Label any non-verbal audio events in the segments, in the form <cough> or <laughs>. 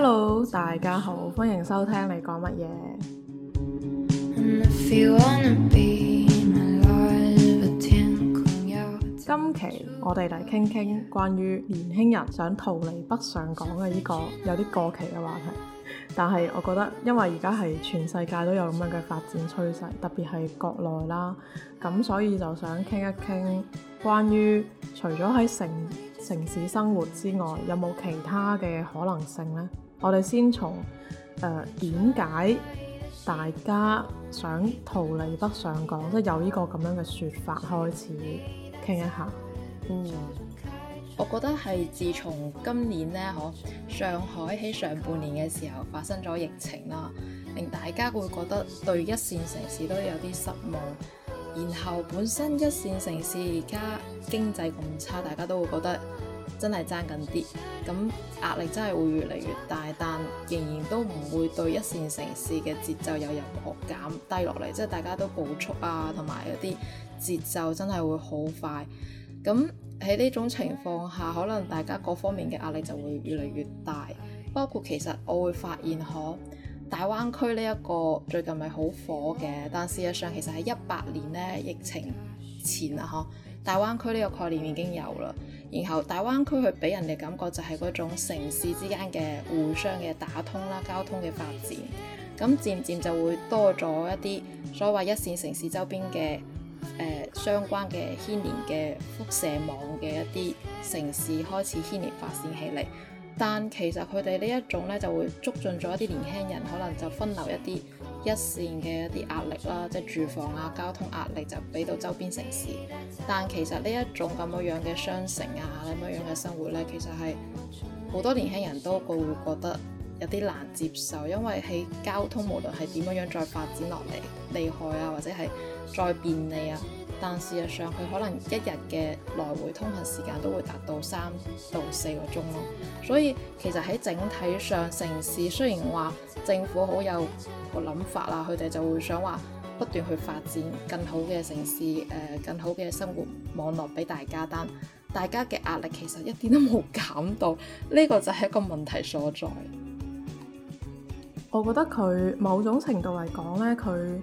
Hello，大家好，歡迎收聽你講乜嘢。今期我哋嚟傾傾關於年輕人想逃離北上廣嘅呢個有啲過期嘅話題，但係我覺得因為而家係全世界都有咁樣嘅發展趨勢，特別係國內啦，咁所以就想傾一傾關於除咗喺城城市生活之外，有冇其他嘅可能性呢？我哋先從誒點解大家想逃離北上廣，即有依個咁樣嘅説法開始傾一下。嗯，我覺得係自從今年呢，可上海喺上半年嘅時候發生咗疫情啦，令大家會覺得對一線城市都有啲失望。然後本身一線城市而家經濟咁差，大家都會覺得。真係爭緊啲，咁壓力真係會越嚟越大，但仍然都唔會對一線城市嘅節奏有任何減低落嚟，即係大家都暴速啊，同埋有啲節奏真係會好快。咁喺呢種情況下，可能大家各方面嘅壓力就會越嚟越大。包括其實我會發現，嗬，大灣區呢一個最近咪好火嘅，但事實上其實喺一八年呢疫情前啊，嗬。大灣區呢個概念已經有啦，然後大灣區佢俾人哋感覺就係嗰種城市之間嘅互相嘅打通啦，交通嘅發展，咁漸漸就會多咗一啲所謂一線城市周邊嘅誒、呃、相關嘅牽連嘅輻射網嘅一啲城市開始牽連發展起嚟，但其實佢哋呢一種咧就會捉進咗一啲年輕人，可能就分流一啲。一線嘅一啲壓力啦，即、就是、住房啊、交通壓力就俾到周邊城市。但其實呢一種咁樣嘅商城啊、咁樣嘅生活呢、啊，其實係好多年輕人都會覺得有啲難接受，因為喺交通無論係點樣再發展落嚟厲害啊，或者係再便利啊。但事實上，佢可能一日嘅來回通勤時間都會達到三到四個鐘咯。所以其實喺整體上，城市雖然話政府好有個諗法啦，佢哋就會想話不斷去發展更好嘅城市，誒、呃、更好嘅生活網絡俾大家。但大家嘅壓力其實一啲都冇減到，呢個就係一個問題所在。我覺得佢某種程度嚟講呢，佢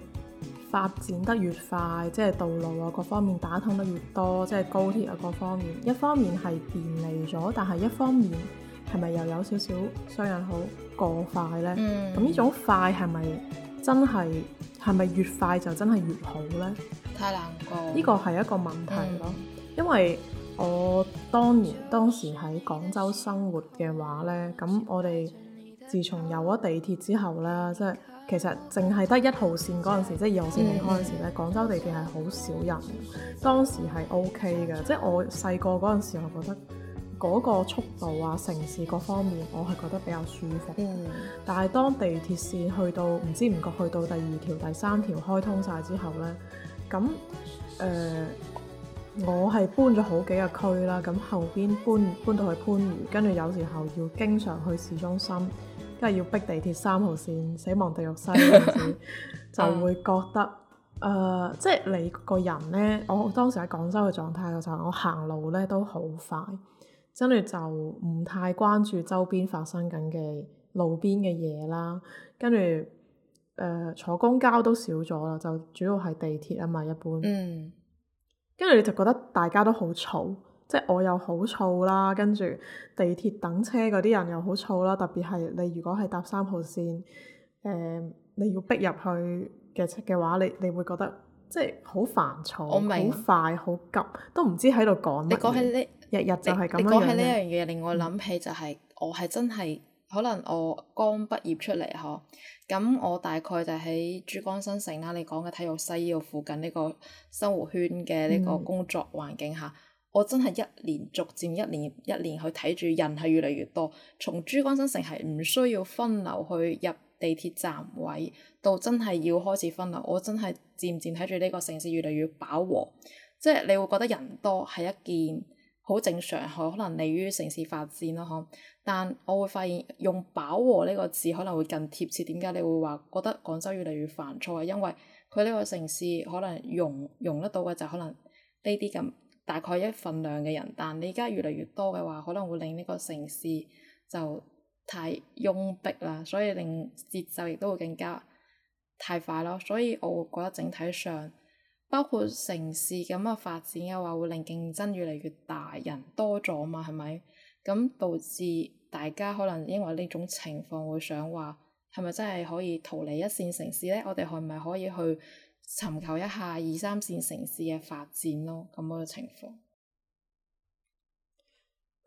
發展得越快，即係道路啊各方面打通得越多，即係高鐵啊各方面，一方面係便利咗，但係一方面係咪又有少少雙刃刀好過快呢？咁呢、嗯、種快係咪真係係咪越快就真係越好呢？太難過。呢個係一個問題咯，嗯、因為我當年當時喺廣州生活嘅話呢，咁我哋自從有咗地鐵之後呢，即係。其實淨係得一號線嗰陣時，即係二號線未開嗰陣時咧，嗯、廣州地鐵係好少人，當時係 OK 嘅。即、就、係、是、我細個嗰陣時，我覺得嗰個速度啊、城市各方面，我係覺得比較舒服。嗯、但係當地鐵線去到唔知唔覺去到第二條、第三條開通晒之後呢，咁誒、呃，我係搬咗好幾個區啦。咁後邊搬搬到去番禺，跟住有時候要經常去市中心。因為要逼地鐵三號線死亡地獄西嗰陣時， <laughs> 就會覺得誒，即係、 <laughs> 呃就係、你個人呢，我當時喺廣州嘅狀態嘅時候，我行路呢都好快，跟住就唔太關注周邊發生緊嘅路邊嘅嘢啦。跟住誒，坐公交都少咗啦，就主要係地鐵啊嘛，一般。嗯，跟住你就覺得大家都好嘈。即係我又好躁啦，跟住地鐵等車嗰啲人又好躁啦。特別係你如果係搭三號線，誒、呃、你要逼入去嘅車嘅話，你你會覺得即係好煩躁，好快，好急，都唔知喺度講乜嘢。你講起呢日日就係咁樣樣。你講起呢樣嘢，令我諗起就係、是嗯、我係真係可能我剛畢業出嚟嗬，咁、啊、我大概就喺珠江新城啦，你講嘅體育西要附近呢個生活圈嘅呢個工作環境下。嗯我真係一年逐漸一年一年去睇住人係越嚟越多，從珠江新城係唔需要分流去入地鐵站位，到真係要開始分流，我真係漸漸睇住呢個城市越嚟越飽和，即係你會覺得人多係一件好正常，可能利於城市發展咯。嚇，但我會發現用飽和呢、這個字可能會更貼切。點解你會話覺得廣州越嚟越煩躁啊？因為佢呢個城市可能用用得到嘅就可能呢啲咁。大概一份量嘅人，但你而家越嚟越多嘅話，可能會令呢個城市就太擁逼啦，所以令節奏亦都會更加太快咯。所以我會覺得整體上，包括城市咁嘅發展嘅話，會令競爭越嚟越大，人多咗嘛，係咪？咁導致大家可能因為呢種情況會想話，係咪真係可以逃離一線城市咧？我哋係咪可以去？尋求一下二三線城市嘅發展咯，咁樣嘅情況。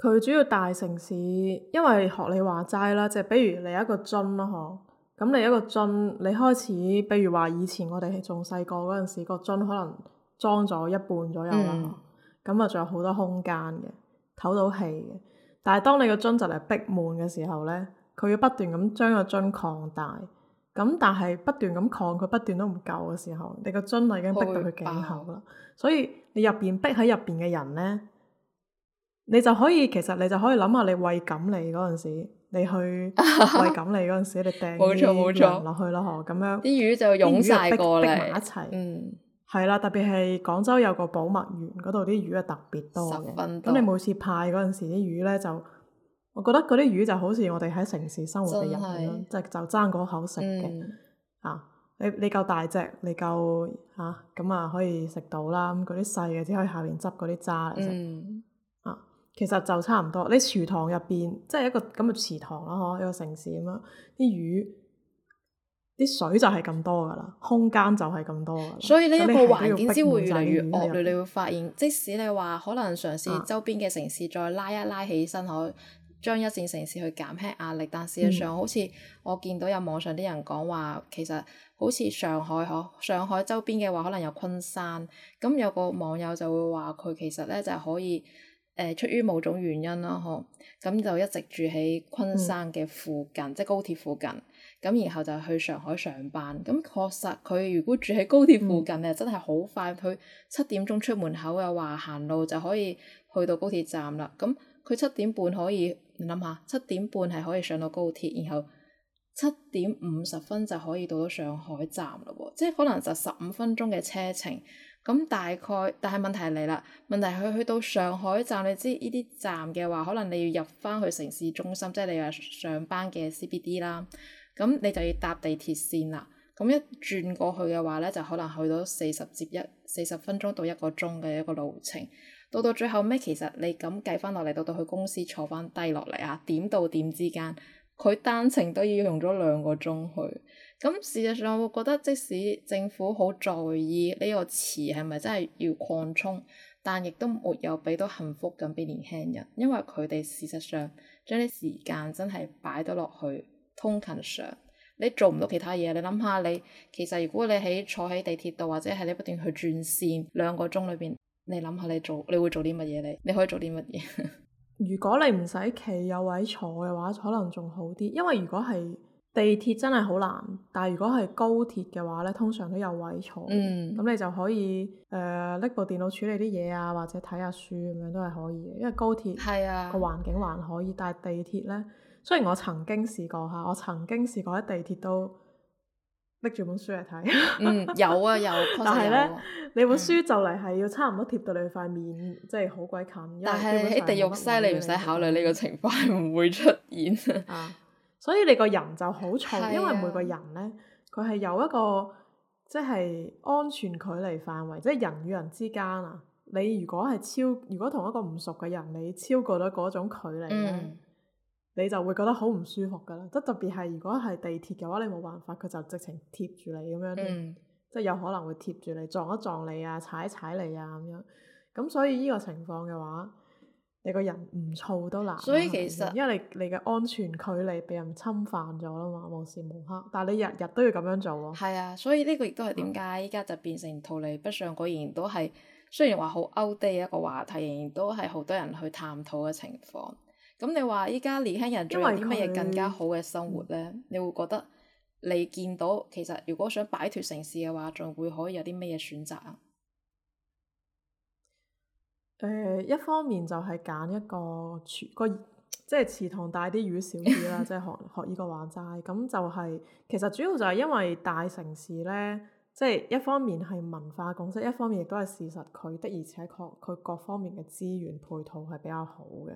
佢主要大城市，因為學你話齋啦，即係比如你一個樽咯，嗬，咁你一個樽，你開始，比如話以前我哋仲細個嗰陣時，個樽可能裝咗一半左右啦，咁啊仲有好多空間嘅，唞到氣嘅。但係當你個樽就嚟逼滿嘅時候呢，佢要不斷咁將個樽擴大。咁但係不斷咁抗拒，不斷都唔夠嘅時候，你個樽已經逼到佢頸口啦。爆所以你入邊逼喺入邊嘅人呢，你就可以其實你就可以諗下你喂錦鯉嗰陣時，你去喂錦鯉嗰陣時你，你掟啲魚落去咯，呵，咁樣啲魚就湧曬過嚟來，逼埋一齊。嗯，係啦，特別係廣州有個寶墨園，嗰度啲魚啊特別多嘅，咁你每次派嗰陣時，啲魚呢，就～我覺得嗰啲魚就好似我哋喺城市生活嘅人咁樣，即係是就爭嗰口食嘅、嗯啊。啊，你你夠大隻，你夠吓咁啊，可以食到啦。咁嗰啲細嘅只可以下邊執嗰啲渣嚟食。嗯、啊，其實就差唔多。你塘面、就係、池塘入邊，即係一個咁嘅池塘啦，嗬？一個城市咁樣，啲魚啲水就係咁多噶啦，空間就係咁多噶啦。所以呢個環境先會越嚟越惡劣，你會發現，即使你話可能嘗試周邊嘅城市，再拉一拉起身，嗬？啊啊將一線城市去減輕壓力，但事實上、嗯、好似我見到有網上啲人講話，其實好似上海嗬，上海周邊嘅話可能有昆山，咁有個網友就會話佢其實咧就係、可以，誒、呃，出於某種原因啦嗬，咁就一直住喺昆山嘅附近，嗯、即高鐵附近，咁然後就去上海上班，咁確實佢如果住喺高鐵附近咧，嗯、真係好快，佢七點鐘出門口嘅話行路就可以去到高鐵站啦，咁佢七點半可以。你諗下，七點半係可以上到高鐵，然後七點五十分就可以到咗上海站咯喎，即係可能就十五分鐘嘅車程。咁大概，但係問題嚟啦，問題係去到上海站，你知呢啲站嘅話，可能你要入翻去城市中心，即係你話上班嘅 CBD 啦。咁你就要搭地鐵線啦。咁一轉過去嘅話咧，就可能去到四十至一四十分鐘到一個鐘嘅一個路程。到到最後尾？其實你咁計翻落嚟，到到去公司坐翻低落嚟啊，點到點之間，佢單程都要用咗兩個鐘去。咁事實上，我覺得即使政府好在意呢個詞係咪真係要擴充，但亦都沒有俾到幸福感俾年輕人，因為佢哋事實上將啲時間真係擺咗落去通勤上，你做唔到其他嘢。你諗下，你其實如果你喺坐喺地鐵度，或者係你不斷去轉線，兩個鐘裏邊。你諗下，你做你會做啲乜嘢？你你可以做啲乜嘢？ <laughs> 如果你唔使企有位坐嘅話，可能仲好啲。因為如果係地鐵真係好難，但係如果係高鐵嘅話呢，通常都有位坐。嗯，咁你就可以誒拎、呃、部電腦處理啲嘢啊，或者睇下書咁樣都係可以嘅。因為高鐵個環境還可以，啊、但係地鐵呢，雖然我曾經試過嚇，我曾經試過喺地鐵都，拎住本書嚟睇。嗯，嗯有啊有，有啊 <laughs> 但係咧呢、啊、你本書就嚟係要差唔多貼到你塊面，嗯、即係好鬼近。但係一定要犀利，唔使考慮呢個情況唔會出現。啊，所以你個人就好重，啊、因為每個人咧，佢係有一個即係、就是、安全距離範圍，即、就、係、是、人與人之間啊。你如果係超，如果同一個唔熟嘅人，你超過咗嗰種距離咧。嗯你就會覺得好唔舒服噶啦，即特別係如果係地鐵嘅話，你冇辦法，佢就直情貼住你咁樣，嗯、即有可能會貼住你撞一撞你啊、踩一踩你啊咁樣。咁所以呢個情況嘅話，你個人唔燥都難。所以其實因為你你嘅安全距離俾人侵犯咗啦嘛，無時無刻。但你日日都要咁樣做喎。係啊，所以呢個亦都係點解依家就變成逃離北上，果然都係、嗯、雖然話好 out date 一個話題，仍然都係好多人去探討嘅情況。咁你話依家年輕人仲有啲乜嘢更加好嘅生活呢？嗯、你會覺得你見到其實如果想擺脫城市嘅話，仲會可以有啲乜嘢選擇啊？誒、呃，一方面就係揀一個池個，即係池塘大啲魚少啲啦，即係 <laughs> 學學呢個話齋。咁就係、是、其實主要就係因為大城市呢，即、就、係、是、一方面係文化共識，一方面亦都係事實，佢的而且確佢各方面嘅資源配套係比較好嘅。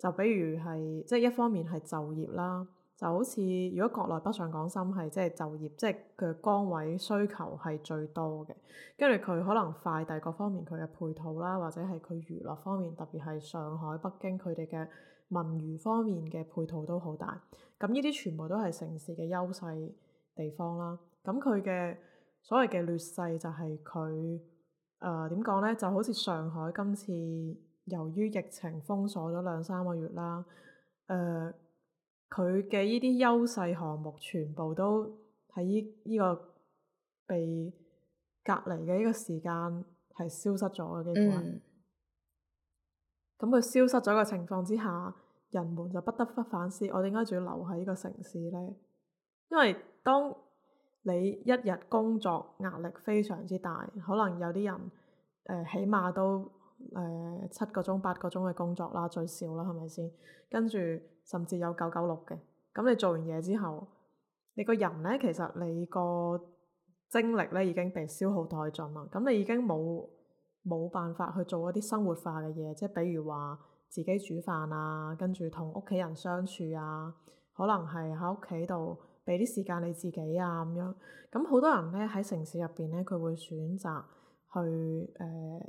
就比如係即係一方面係就業啦，就好似如果國內北上廣深係即係就業，即係佢嘅崗位需求係最多嘅。跟住佢可能快遞各方面佢嘅配套啦，或者係佢娛樂方面，特別係上海、北京佢哋嘅文娛方面嘅配套都好大。咁呢啲全部都係城市嘅優勢地方啦。咁佢嘅所謂嘅劣勢就係佢誒點講咧？就好似上海今次。由於疫情封鎖咗兩三個月啦，誒、呃，佢嘅呢啲優勢項目全部都喺呢呢個被隔離嘅呢個時間係消失咗嘅。基本上。咁佢、嗯、消失咗嘅情況之下，人們就不得不反思：我點解仲要留喺呢個城市呢？因為當你一日工作壓力非常之大，可能有啲人誒、呃，起碼都。誒、呃、七個鐘、八個鐘嘅工作啦，最少啦，係咪先？跟住甚至有九九六嘅。咁你做完嘢之後，你個人呢，其實你個精力呢，已經被消耗殆盡啦。咁你已經冇冇辦法去做一啲生活化嘅嘢，即係比如話自己煮飯啊，跟住同屋企人相處啊，可能係喺屋企度俾啲時間你自己啊咁樣。咁好多人呢，喺城市入邊呢，佢會選擇去誒、呃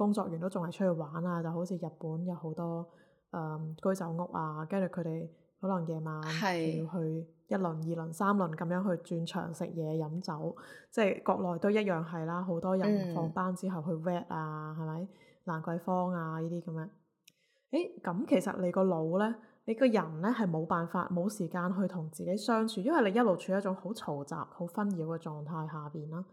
工作完都仲係出去玩啊！就好似日本有好多誒、嗯、居酒屋啊，跟住佢哋可能夜晚仲要去一輪、二輪、三輪咁樣去轉場食嘢飲酒，即係國內都一樣係啦，好多人放班之後去 wet 啊，係咪蘭桂坊啊呢啲咁樣？誒、欸、咁其實你個腦呢？你個人呢？係冇辦法冇時間去同自己相處，因為你一路處於一種好嘈雜、好紛擾嘅狀態下邊啦。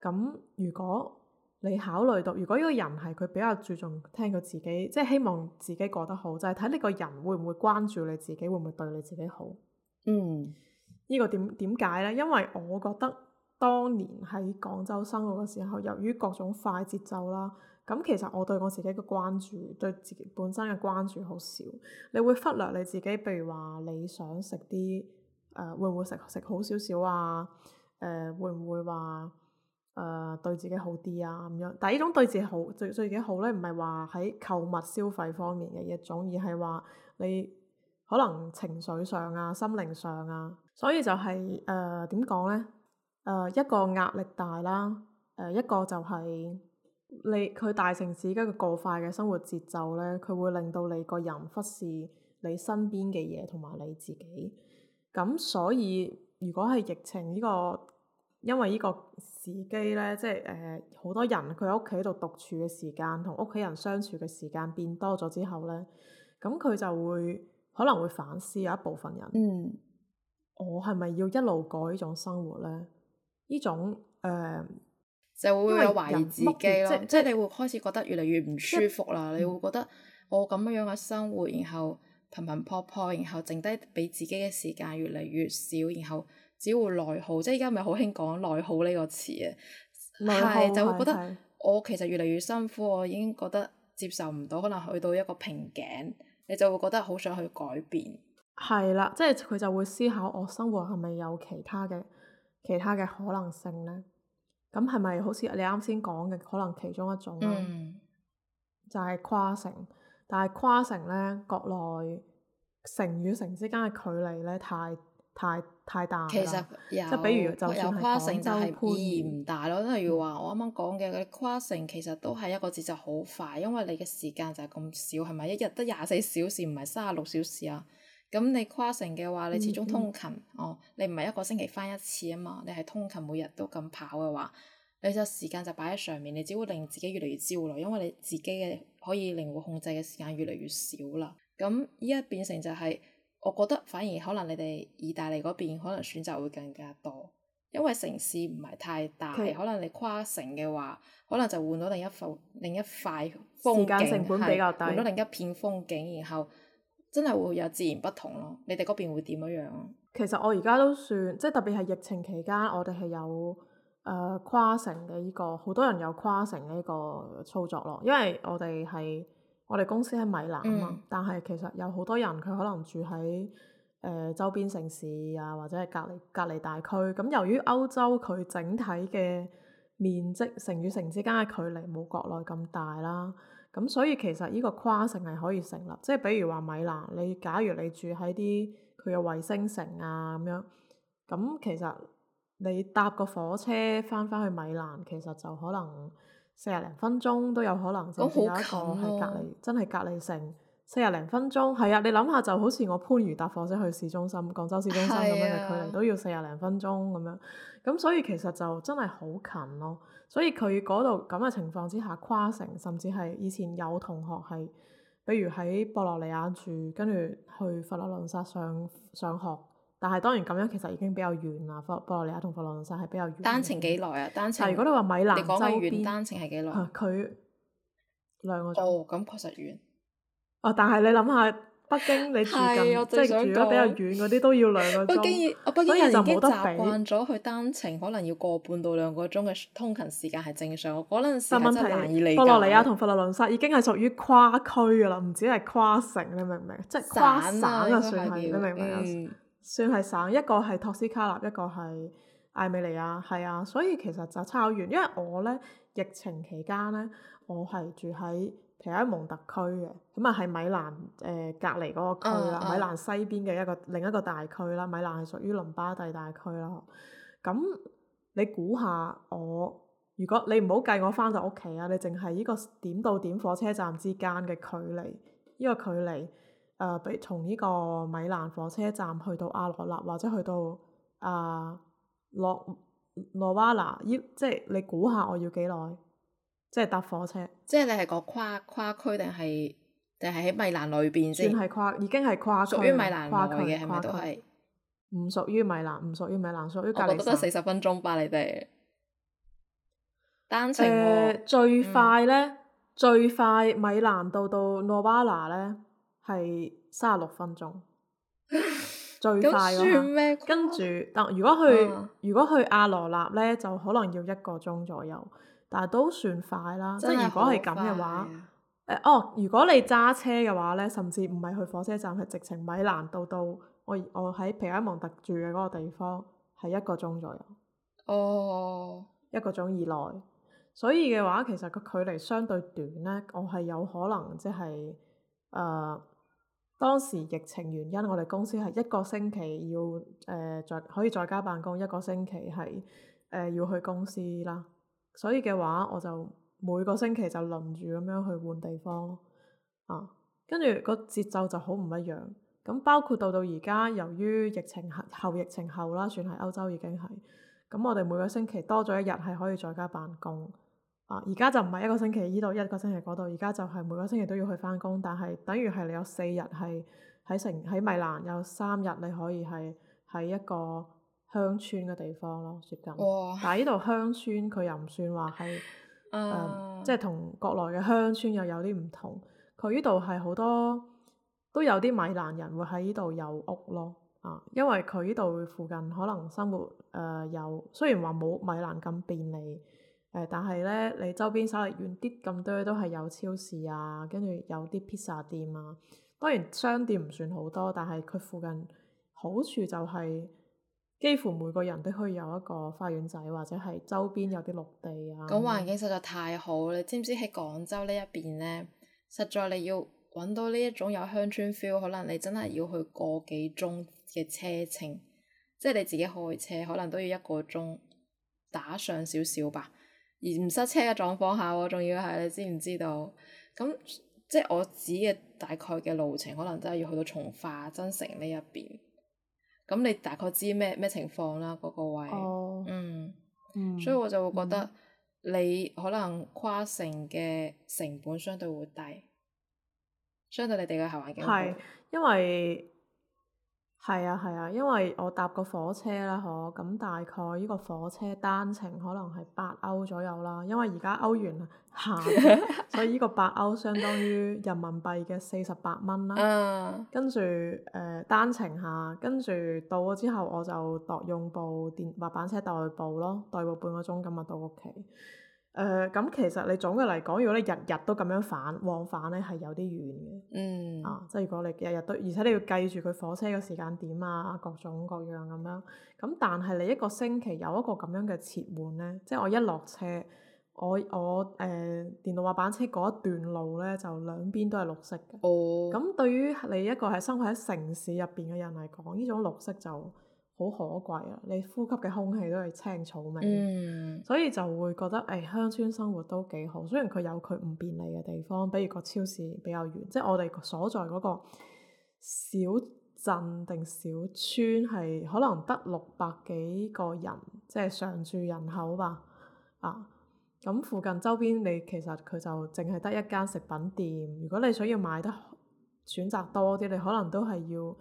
咁、啊嗯嗯、如果你考慮到，如果呢個人係佢比較注重聽佢自己，即係希望自己過得好，就係睇呢個人會唔會關注你自己，會唔會對你自己好？嗯，呢個點點解咧？因為我覺得當年喺廣州生活嘅時候，由於各種快節奏啦，咁其實我對我自己嘅關注，對自己本身嘅關注好少。你會忽略你自己，譬如話你想食啲誒，會唔會食食好少少啊？誒、呃，會唔會話？誒、uh, 對自己好啲啊咁樣，但係呢種對自己好，對對自己好呢，唔係話喺購物消費方面嘅一種，而係話你可能情緒上啊、心靈上啊，所以就係誒點講呢？誒、呃、一個壓力大啦，誒、呃、一個就係你佢大城市嗰個過快嘅生活節奏呢，佢會令到你個人忽視你身邊嘅嘢同埋你自己。咁所以如果係疫情呢、這個。因為呢個時機咧，即係誒好多人佢喺屋企度獨處嘅時間同屋企人相處嘅時間變多咗之後咧，咁佢就會可能會反思有一部分人，嗯、我係咪要一路過呢種生活咧？呢種誒、呃、就會有懷疑自己咯，即係即你會開始覺得越嚟越唔舒服啦。即你會覺得我咁樣樣嘅生活，然後頻頻撲撲，然後剩低俾自己嘅時間越嚟越少，然後。只會內耗，即係依家咪好興講內耗呢個詞啊，係。好就會覺得係係我其實越嚟越辛苦，我已經覺得接受唔到，可能去到一個瓶頸，你就會覺得好想去改變。係啦，即係佢就會思考我生活係咪有其他嘅其他嘅可能性呢？咁係咪好似你啱先講嘅可能其中一種、啊嗯、就係跨城，但係跨城呢，國內城與城之間嘅距離呢，太。太太大啦，其實即比如就，有就跨城就係意義唔大咯。即係譬如話，我啱啱講嘅跨城，其實都係一個節奏好快，因為你嘅時間就係咁少，係咪？一日得廿四小時，唔係三十六小時啊。咁你跨城嘅話，你始終通勤，嗯、哦，你唔係一個星期翻一次啊嘛，你係通勤每日都咁跑嘅話，你就時間就擺喺上面，你只會令自己越嚟越焦慮，因為你自己嘅可以靈活控制嘅時間越嚟越少啦。咁依家變成就係、是。我覺得反而可能你哋意大利嗰邊可能選擇會更加多，因為城市唔係太大，的可能你跨城嘅話，可能就換到另一幅另一塊風景，時間成本比較大，換到另一片風景，然後真係會有自然不同咯。你哋嗰邊會點樣？其實我而家都算，即係特別係疫情期間，我哋係有誒、呃、跨城嘅呢、這個，好多人有跨城呢依個操作咯，因為我哋係。我哋公司喺米蘭啊嘛，嗯、但係其實有好多人佢可能住喺誒、呃、周邊城市啊，或者係隔離隔離大區。咁由於歐洲佢整體嘅面積，城與城之間嘅距離冇國內咁大啦。咁所以其實呢個跨城係可以成立。即係比如話，米蘭，你假如你住喺啲佢嘅衛星城啊咁樣，咁其實你搭個火車翻翻去米蘭，其實就可能。四廿零分鐘都有可能，甚至、哦、有一個喺隔離，啊、真係隔離成四廿零分鐘。係啊，你諗下，就好似我番禺搭火車去市中心，廣州市中心咁樣嘅距離，啊、都要四廿零分鐘咁樣。咁所以其實就真係好近咯、啊。所以佢嗰度咁嘅情況之下，跨城甚至係以前有同學係，比如喺博洛尼亞住，跟住去佛羅倫薩上上學。但係當然咁樣其實已經比較遠啦，佛佛羅里亞同佛羅倫薩係比較遠。單程幾耐啊？單程。如果你話米蘭就遠，單程係幾耐？佢、啊、兩個鐘。就咁、哦、確實遠。啊！但係你諗下，北京你住緊， <laughs> 我即係住得比較遠嗰啲 <laughs> 都要兩個鐘。北京， <laughs> 北京人就冇得比習慣咗去單程，可能要個半到兩個鐘嘅通勤時間係正常。我嗰陣時真係難以理解。佛羅里亞同佛羅倫薩已經係屬於跨區噶啦，唔止係跨城，你明唔明？即係跨省啊，算係是，你明唔明？算係省，一個係托斯卡納，一個係艾美利亞，係啊，所以其實就差好遠。因為我呢，疫情期間呢，我係住喺皮埃蒙特區嘅，咁啊係米蘭誒、呃、隔離嗰個區啦，啊啊、米蘭西邊嘅一個另一個大區啦，米蘭係屬於倫巴第大區啦。咁、嗯、你估下我，如果你唔好計我翻到屋企啊，你淨係呢個點到點火車站之間嘅距離，呢、呢個距離。誒、呃，比從呢個米蘭火車站去到阿羅納，或者去到啊、呃、諾諾瓦納，依即係你估下我要幾耐？即係搭火車。即係你係講跨跨區定係定係喺米蘭裏面先？算係跨，已經係跨區屬於米蘭內嘅，係咪區區都係唔屬於米蘭？唔屬於米蘭，屬於隔籬。我覺得四十分鐘吧，你哋單程、哦呃、最快呢？嗯、最快米蘭到到諾瓦納呢？係三十六分鐘， <laughs> 最快咯。 <laughs> 麼跟住著，但 <laughs> 如果去、嗯、如果去阿羅納呢，就可能要一個鐘左右，但係都算快啦。即係如果係咁嘅話， <laughs> 哦，如果你揸車嘅話呢，甚至唔係去火車站，係直情米蘭到到我我喺皮埃蒙特住嘅嗰個地方，係一個鐘左右。哦，一個鐘以內，所以嘅話，其實個距離相對短呢，我係有可能即係誒。呃當時疫情原因，我哋公司係一個星期要誒在、呃、可以在家辦公一個星期係誒、呃、要去公司啦，所以嘅話我就每個星期就輪住咁樣去換地方啊，跟住個節奏就好唔一樣。咁包括到到而家，由於疫情後疫情後啦，算係歐洲已經係咁，我哋每個星期多咗一日係可以在家辦公。啊，而家就唔係一個星期呢度一個星期嗰度，而家就係每個星期都要去返工，但係等於係你有四日係喺城喺米蘭，有三日你可以係喺一個鄉村嘅地方咯，接近。哇！但係呢度鄉村佢又唔算話係、呃，即係同國內嘅鄉村又有啲唔同。佢呢度係好多都有啲米蘭人會喺呢度有屋咯，啊，因為佢呢度附近可能生活誒、呃、有，雖然話冇米蘭咁便利。誒，但係呢，你周邊稍微遠啲咁多都係有超市啊，跟住有啲披薩店啊。當然商店唔算好多，但係佢附近好處就係幾乎每個人都可以有一個花園仔，或者係周邊有啲綠地啊。個、嗯、環境實在太好啦！你知唔知喺廣州呢一邊呢，實在你要揾到呢一種有鄉村 feel，可能你真係要去個幾鐘嘅車程，即係你自己開車可能都要一個鐘打上少少吧。而唔塞車嘅狀況下，我仲要係你知唔知道？咁即係我指嘅大概嘅路程，可能真係要去到從化、增城呢一邊。咁你大概知咩咩情況啦？嗰、那個位，oh，嗯，嗯嗯，所以我就會覺得你可能跨城嘅成本相對會低，嗯嗯、相對你哋嘅後環境會。係，因為。係啊係啊，因為我搭個火車啦，嗬，咁大概呢個火車單程可能係八歐左右啦，因為而家歐元慘嘅，行 <laughs> 所以呢個八歐相當於人民幣嘅四十八蚊啦。 <laughs> 跟住誒、呃、單程下，跟住到咗之後我就駁用部電滑板車代步咯，代步半個鐘咁啊，到屋企。誒咁、呃、其實你總嘅嚟講，如果你日日都咁樣返往返咧，係有啲遠嘅。嗯。啊，即係如果你日日都，而且你要記住佢火車嘅時間點啊，各種各樣咁樣。咁但係你一個星期有一個咁樣嘅切換咧，即係我一落車，我我誒、呃、電動滑板車嗰一段路咧就兩邊都係綠色嘅。哦。咁對於你一個係生活喺城市入邊嘅人嚟講，呢種綠色就～好可貴啊！你呼吸嘅空氣都係青草味，嗯、所以就會覺得誒、哎、鄉村生活都幾好。雖然佢有佢唔便利嘅地方，比如個超市比較遠，即係我哋所在嗰個小鎮定小村係可能得六百幾個人，即係常住人口吧。啊，咁附近周邊你其實佢就淨係得一間食品店。如果你想要買得選擇多啲，你可能都係要。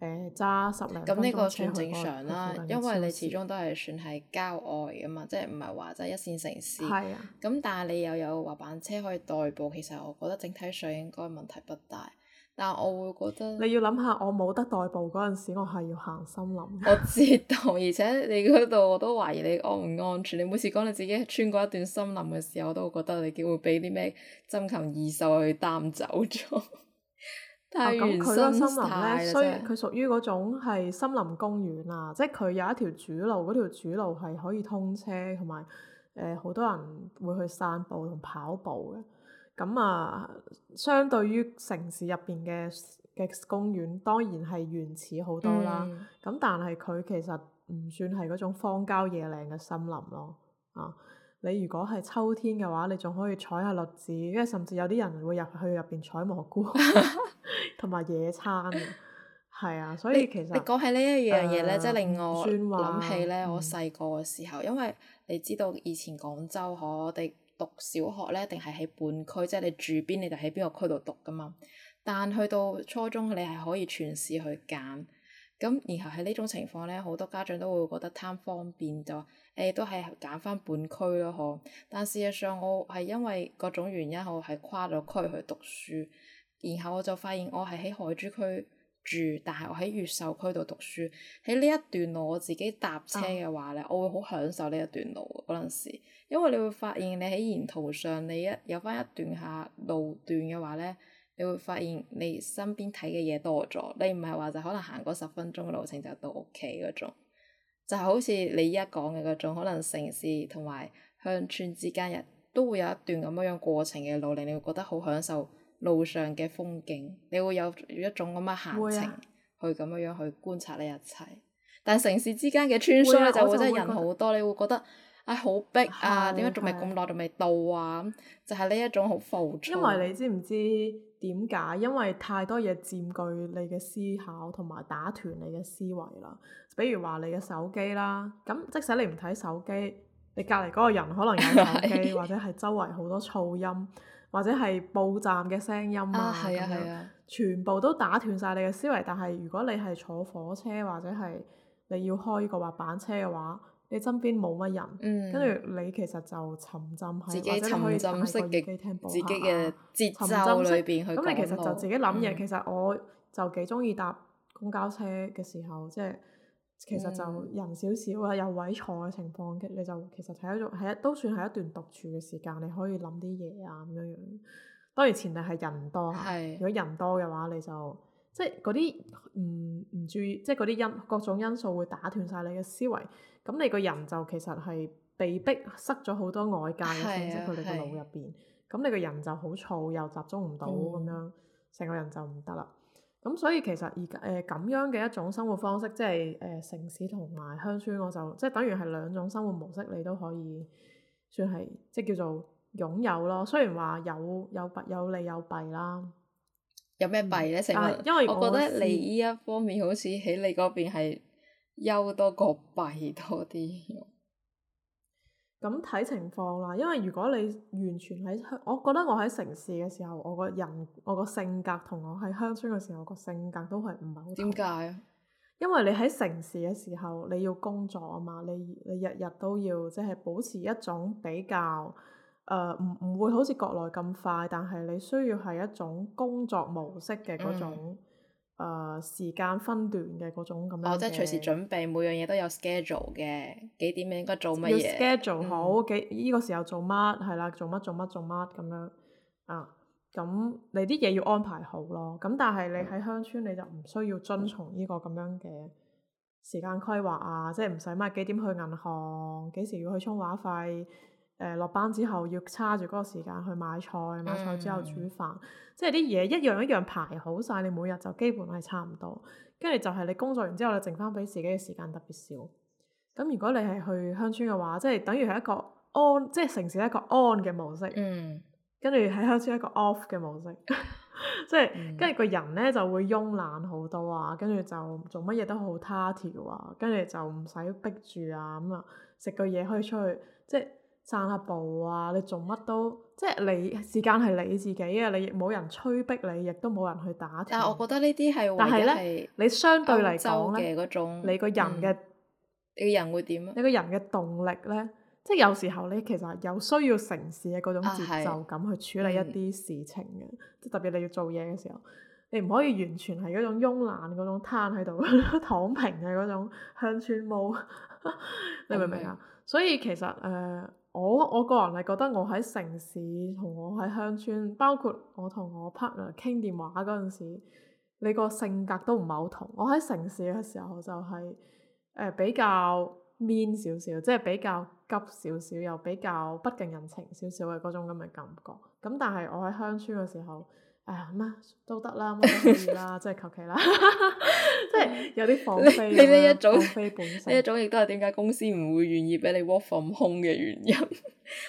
誒揸、呃、十零分鐘，咁呢個算正常啦，因為你始終都係算係郊外啊嘛，即係唔係話即係一線城市。係啊。咁但係你又有，有滑板車可以代步，其實我覺得整體上應該問題不大。但係我會覺得你要諗下，我冇得代步嗰陣時我係要行森林。我知道，而且你嗰度我都懷疑你安唔安全。 <laughs> 你每次講你自己穿過一段森林嘅時候，我都會覺得你會俾啲咩珍禽異獸去擔走咗。咁佢個森林咧，雖然佢屬於嗰種係森林公園啦，啊，即係佢有一條主路，嗰條主路係可以通車，同埋誒好多人會去散步同跑步嘅。咁啊，相對於城市入邊嘅嘅公園，當然係原始好多啦。咁、嗯、但係佢其實唔算係嗰種荒郊野嶺嘅森林咯，啊！你如果係秋天嘅話，你仲可以採下栗子，因為甚至有啲人會入去入邊採蘑菇同埋 <laughs> 野餐。係啊， <laughs> 所以其實你講起呢一樣嘢咧，呃、即係令我諗起咧，是我細個嘅時候，嗯、因為你知道以前廣州嗬，我哋讀小學咧，一定係喺本區，即係你住邊你就喺邊個區度讀噶嘛。但去到初中你係可以全市去揀，咁然後喺呢種情況咧，好多家長都會覺得貪方便咗。誒都係揀翻本區咯，嗬！但事實上我係因為各種原因，我係跨咗區去讀書，然後我就發現我係喺海珠區住，但係我喺越秀區度讀書。喺呢一段路，我自己搭車嘅話咧，啊、我會好享受呢一段路嗰陣時，因為你會發現你喺沿途上，你一有翻一段下路段嘅話咧，你會發現你身邊睇嘅嘢多咗，你唔係話就可能行嗰十分鐘嘅路程就到屋企嗰種。就好似你依家講嘅嗰種，可能城市同埋鄉村之間，人都會有一段咁樣樣過程嘅路，令你會覺得好享受路上嘅風景，你會有一種咁嘅閒情去咁樣樣去觀察呢一切。但係城市之間嘅穿梭咧，會啊、就會真係人好多，會啊、你會覺得。唉，好逼、哎、啊！點解仲未咁耐仲未到啊？咁是就係呢一種好浮躁。因為你知唔知點解？因為太多嘢佔據你嘅思考，同埋打斷你嘅思維啦。比如話你嘅手機啦，咁即使你唔睇手機，你隔離嗰個人可能有手機， <laughs> 或者係周圍好多噪音，或者係報站嘅聲音啊，係啊係啊，全部都打斷晒你嘅思維。但係如果你係坐火車或者係你要開個滑板車嘅話，你身邊冇乜人，跟住、嗯、你其實就沉浸喺或者沉浸喺自己嘅節奏裏邊，咁你其實就自己諗嘢。嗯、其實我就幾中意搭公交車嘅時候，即係其實就人少少啦，有位坐嘅情況，嗯、你就其實係一種係都算係一段獨處嘅時間，你可以諗啲嘢啊咁樣樣。當然前提係人多，是如果人多嘅話你就。即係嗰啲唔唔注意，即係嗰啲因各種因素會打斷晒你嘅思維，咁你個人就其實係被逼塞咗好多外界嘅信息佢哋個腦入邊，咁你個人就好燥，又集中唔到咁樣，成個人就唔得啦。咁所以其實而家誒咁樣嘅一種生活方式，即係誒、呃、城市同埋鄉村，我就即係等於係兩種生活模式，你都可以算係即係叫做擁有咯。雖然話有有有，有利有弊啦。有咩弊呢？成日，因為我，我覺得你呢一方面好似喺你嗰邊係優多過弊多啲。咁睇，嗯、情況啦，因為如果你完全喺，我覺得我喺城市嘅時候，我個人我個性格同我喺鄉村嘅時候個性格都係唔係好。點解啊？因為你喺城市嘅時候，你要工作啊嘛，你你日日都要即係、就是、保持一種比較。誒，唔唔、呃、會好似國內咁快，但係你需要係一種工作模式嘅嗰種誒、嗯呃、時間分段嘅嗰種咁樣、哦、即係隨時準備，每樣嘢都有 schedule 嘅，幾點你應該做乜嘢，要 schedule 好、嗯、幾呢、呢個時候做乜係啦，做乜做乜做乜咁樣啊，咁你啲嘢要安排好咯。咁但係你喺鄉村你就唔需要遵從呢個咁樣嘅時間規劃啊，即係唔使咩，幾點去銀行，幾時要去充話費。誒落、呃、班之後要叉住嗰個時間去買菜，買菜之後煮飯，嗯、即係啲嘢一樣一樣排好晒。你每日就基本係差唔多。跟住就係你工作完之後，你剩翻俾自己嘅時間特別少。咁如果你係去鄉村嘅話，即係等於係一個 on，即係城市一個 on 嘅模式。嗯。跟住喺鄉村一個 off 嘅模式，嗯、 <laughs> 即係跟住個人咧就會慵懶好多啊，跟住就做乜嘢都好他條啊，跟住就唔使逼住啊咁啊，食個嘢可以出去即係。即散下步啊！你做乜都即係你時間係你自己嘅，你冇人催逼你，亦都冇人去打。但係我覺得呢啲係，但係咧，你相對嚟講咧，你個人嘅你個人會點啊？你個人嘅動力咧，即係有時候你其實有需要城市嘅嗰種節奏感去處理一啲事情嘅，即係、啊嗯、特別你要做嘢嘅時候，你唔可以完全係嗰種慵懶嗰種攤喺度、躺平嘅嗰種鄉村舞， <laughs> 你明唔明啊？So 所以其實誒。Uh 我我個人係覺得我喺城市同我喺鄉村，包括我同我 partner 傾電話嗰陣時，你個性格都唔係好同。我喺城市嘅時候就係、是、誒、呃、比較 mean 少少，即係比較急少少，又比較不近人情少少嘅嗰種咁嘅感覺。咁但係我喺鄉村嘅時候。唉、哎、呀，乜都得啦，冇乜事啦，真係求其啦， <laughs> <laughs> 即係有啲放飛啦、啊，放飛本性。一種亦都係點解公司唔會願意俾你 work from home 嘅原因，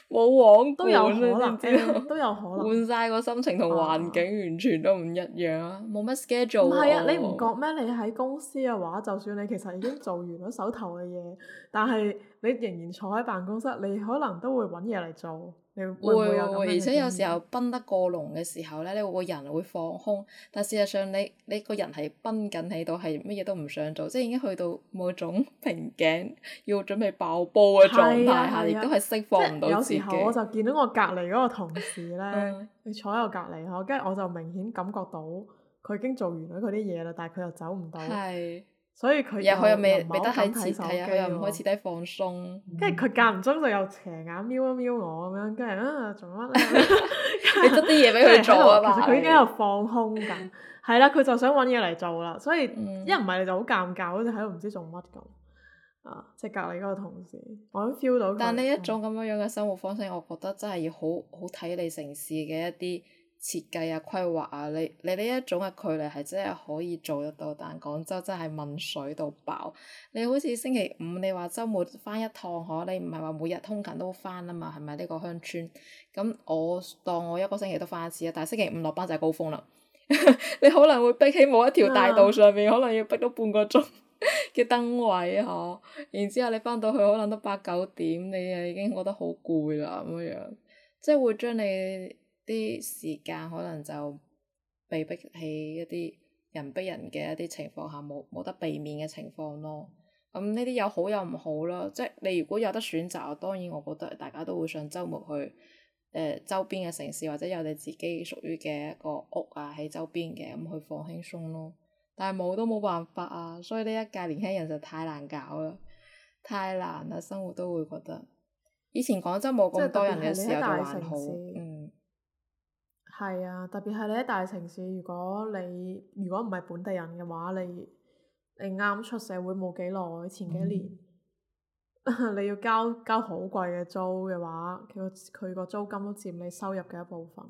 冇 <laughs> 往困都有可能，你知都有可能換晒個心情同環境，完全都唔一樣啊！冇乜 schedule。唔係啊，你唔覺咩？你喺公司嘅話，就算你其實已經做完咗手頭嘅嘢，但係你仍然坐喺辦公室，你可能都會揾嘢嚟做。會會，會，而且有時候繃得過濃嘅時候咧，你個人會放空，但事實上你你個人係繃緊喺度，係乜嘢都唔想做，即係已經去到某種瓶頸，要準備爆煲嘅狀態下，亦都係釋放唔到自己。啊啊、有時候我就見到我隔籬嗰個同事咧，佢 <laughs> 坐喺我隔籬，我跟住我就明顯感覺到佢已經做完咗佢啲嘢啦，但係佢又走唔到。所以佢又唔係唔敢睇手機，佢又唔可以徹底放鬆。跟住佢間唔中就又斜眼瞄一瞄我咁樣，跟住啊 <laughs> 做乜？你執啲嘢俾佢做啊。其實佢應該喺度放空㗎，係啦， <laughs> 佢就想揾嘢嚟做啦。所以一唔係你就好尷尬，好似喺度唔知做乜咁。啊，即係隔離嗰個同事，我都 feel 到。但呢一種咁樣樣嘅生活方式，我覺得真係要好好睇你城市嘅一啲。設計啊、規劃啊，你你呢一種嘅距離係真係可以做得到，但廣州真係問水到飽。你好似星期五你，你話週末翻一趟可，你唔係話每日通勤都翻啊嘛？係咪呢個鄉村？咁我當我一個星期都翻一次啊，但係星期五落班就係高峰啦。 <laughs> 你可能會逼喺某一條大道上面，啊、可能要逼到半個鐘嘅燈位可，然之後你翻到去可能都八九點，你又已經覺得好攰啦咁樣，即係會將你。啲時間可能就被逼喺一啲人逼人嘅一啲情況下，冇冇得避免嘅情況咯。咁呢啲有好有唔好啦，即係你如果有得選擇啊，當然我覺得大家都會想周末去誒、呃、周邊嘅城市，或者有你自己屬於嘅一個屋啊喺周邊嘅咁、嗯、去放輕鬆咯。但係冇都冇辦法啊，所以呢一屆年輕人就太難搞啦，太難啦，生活都會覺得以前廣州冇咁多人嘅時候就還好。係啊，特別係你喺大城市，如果你如果唔係本地人嘅話，你你啱出社會冇幾耐，前幾年、嗯、 <laughs> 你要交交好貴嘅租嘅話，佢佢個租金都佔你收入嘅一部分。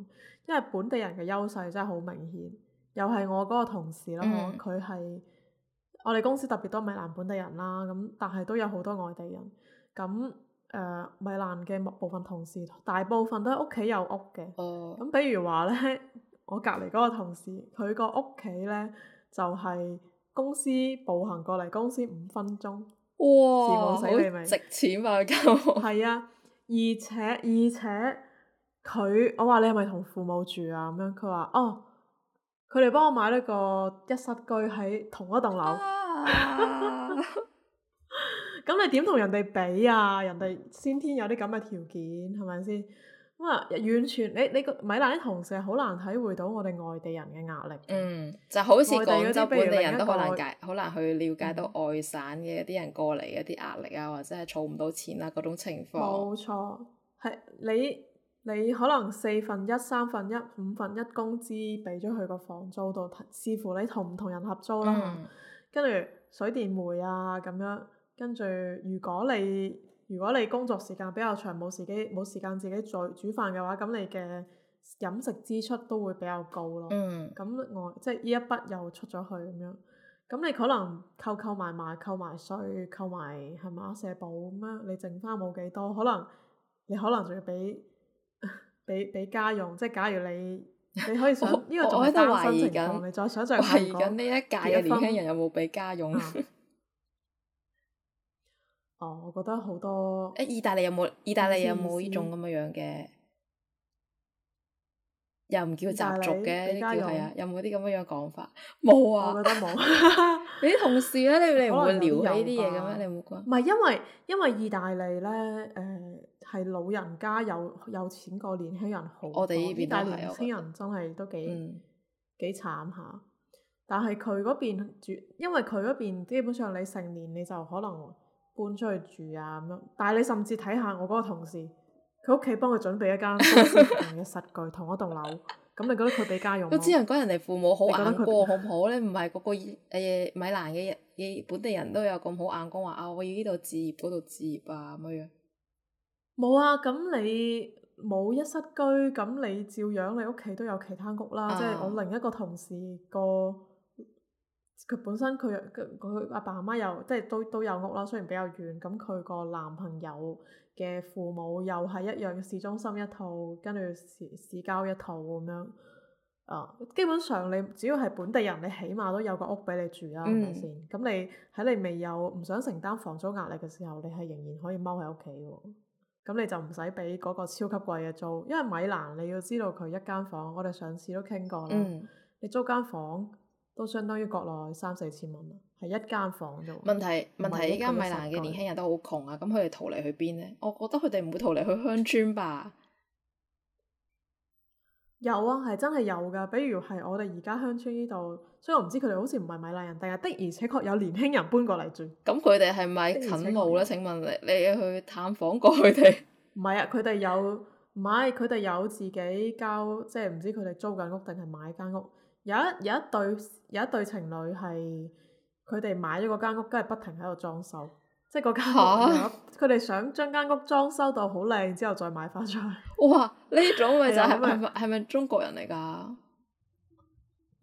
因為本地人嘅優勢真係好明顯，又係我嗰個同事啦，佢係、嗯、我哋公司特別多米蘭本地人啦，咁但係都有好多外地人，咁。誒，uh, 米蘭嘅部分同事，大部分都喺屋企有屋嘅。咁，uh, 比如話呢，我隔離嗰個同事，佢個屋企呢就係、是、公司步行過嚟公司五分鐘。哇！好值錢啊，佢。係 <laughs> 啊，而且而且佢，我話你係咪同父母住啊？咁樣佢話：哦，佢哋幫我買咗個一室居喺同一棟樓。Ah. <laughs> 咁你點同人哋比啊？人哋先天有啲咁嘅條件，係咪先？咁啊，完全你你個米蘭啲同事係好難體會到我哋外地人嘅壓力。嗯，就好似廣州外地本地人都好難解，好外難去了解到外省嘅啲人過嚟，一啲壓力啊，嗯、或者係儲唔到錢啊嗰種情況。冇錯，係你你可能四分一、三分一、五分一工資俾咗佢個房租度，視乎你同唔同人合租啦。跟住、嗯、水電煤啊，咁樣。跟住，如果你如果你工作時間比較長，冇時機冇時間自己做煮飯嘅話，咁你嘅飲食支出都會比較高咯。嗯。咁我即係呢一筆又出咗去咁樣，咁你可能扣扣埋埋扣埋稅扣埋係咪社保咁樣，你剩翻冇幾多，可能你可能仲要俾俾俾家用，即係假如你你可以想呢我個仲係單身情況，你再想像下講，懷疑緊呢一屆年輕人有冇俾家用？ <laughs> 哦，我覺得好多誒、欸，意大利有冇意大利有冇呢種咁樣樣嘅，又唔叫習俗嘅，係啊，有冇啲咁樣樣講法？冇啊，我覺得冇 <laughs> 你啲同事咧，你哋唔可能 會聊起呢啲嘢嘅咩？你冇講？唔係因為因為意大利咧，誒、呃、係老人家有有錢過年輕人好多，但係年輕人真係都幾、嗯、幾慘下。但係佢嗰邊，因為佢嗰邊基本上你成年你就可能。搬出去住啊咁咯，但係你甚至睇下我嗰個同事，佢屋企幫佢準備一間多線型嘅室居， <laughs> 同一棟樓，咁你覺得佢俾家用？都只能講人哋父母過好眼光好唔好咧，唔係個個誒、米蘭嘅嘢，本地人都有咁好眼光話啊，我要呢度置業嗰度置業啊咁樣。冇啊，咁你冇一室居，咁你照樣你屋企都有其他屋啦，嗯、即係我另一個同事個。佢本身佢佢阿爸阿媽又即係都都有屋啦，雖然比較遠。咁佢個男朋友嘅父母又係一樣市中心一套，跟住市市郊一套咁樣。啊，基本上你只要係本地人，你起碼都有個屋俾你住啊。係咪先？咁你喺你未有唔想承擔房租壓力嘅時候，你係仍然可以踎喺屋企喎。咁你就唔使俾嗰個超級貴嘅租，因為米蘭你要知道佢一間房，我哋上次都傾過啦。嗯，你租間房。都相當於國內三四千蚊，係一間房咋喎。問題問題，依家米蘭嘅年輕人都好窮啊！咁佢哋逃離去邊呢？我覺得佢哋唔會逃離去鄉村吧？有啊，係真係有噶。比如係我哋而家鄉村呢度，所以我唔知佢哋好似唔係米蘭人，但係的而且確有年輕人搬過嚟住。咁佢哋係咪啃老呢？請問你你去探訪過佢哋？唔係啊，佢哋有唔係佢哋有自己交，即係唔知佢哋租緊屋定係買間屋。有一有一對有一對情侶係佢哋買咗嗰間屋，跟住不停喺度裝修，即係嗰間屋。佢哋、啊、想將間屋裝修到好靚，之後再賣翻出去。哇！呢種咪就係係咪中國人嚟噶？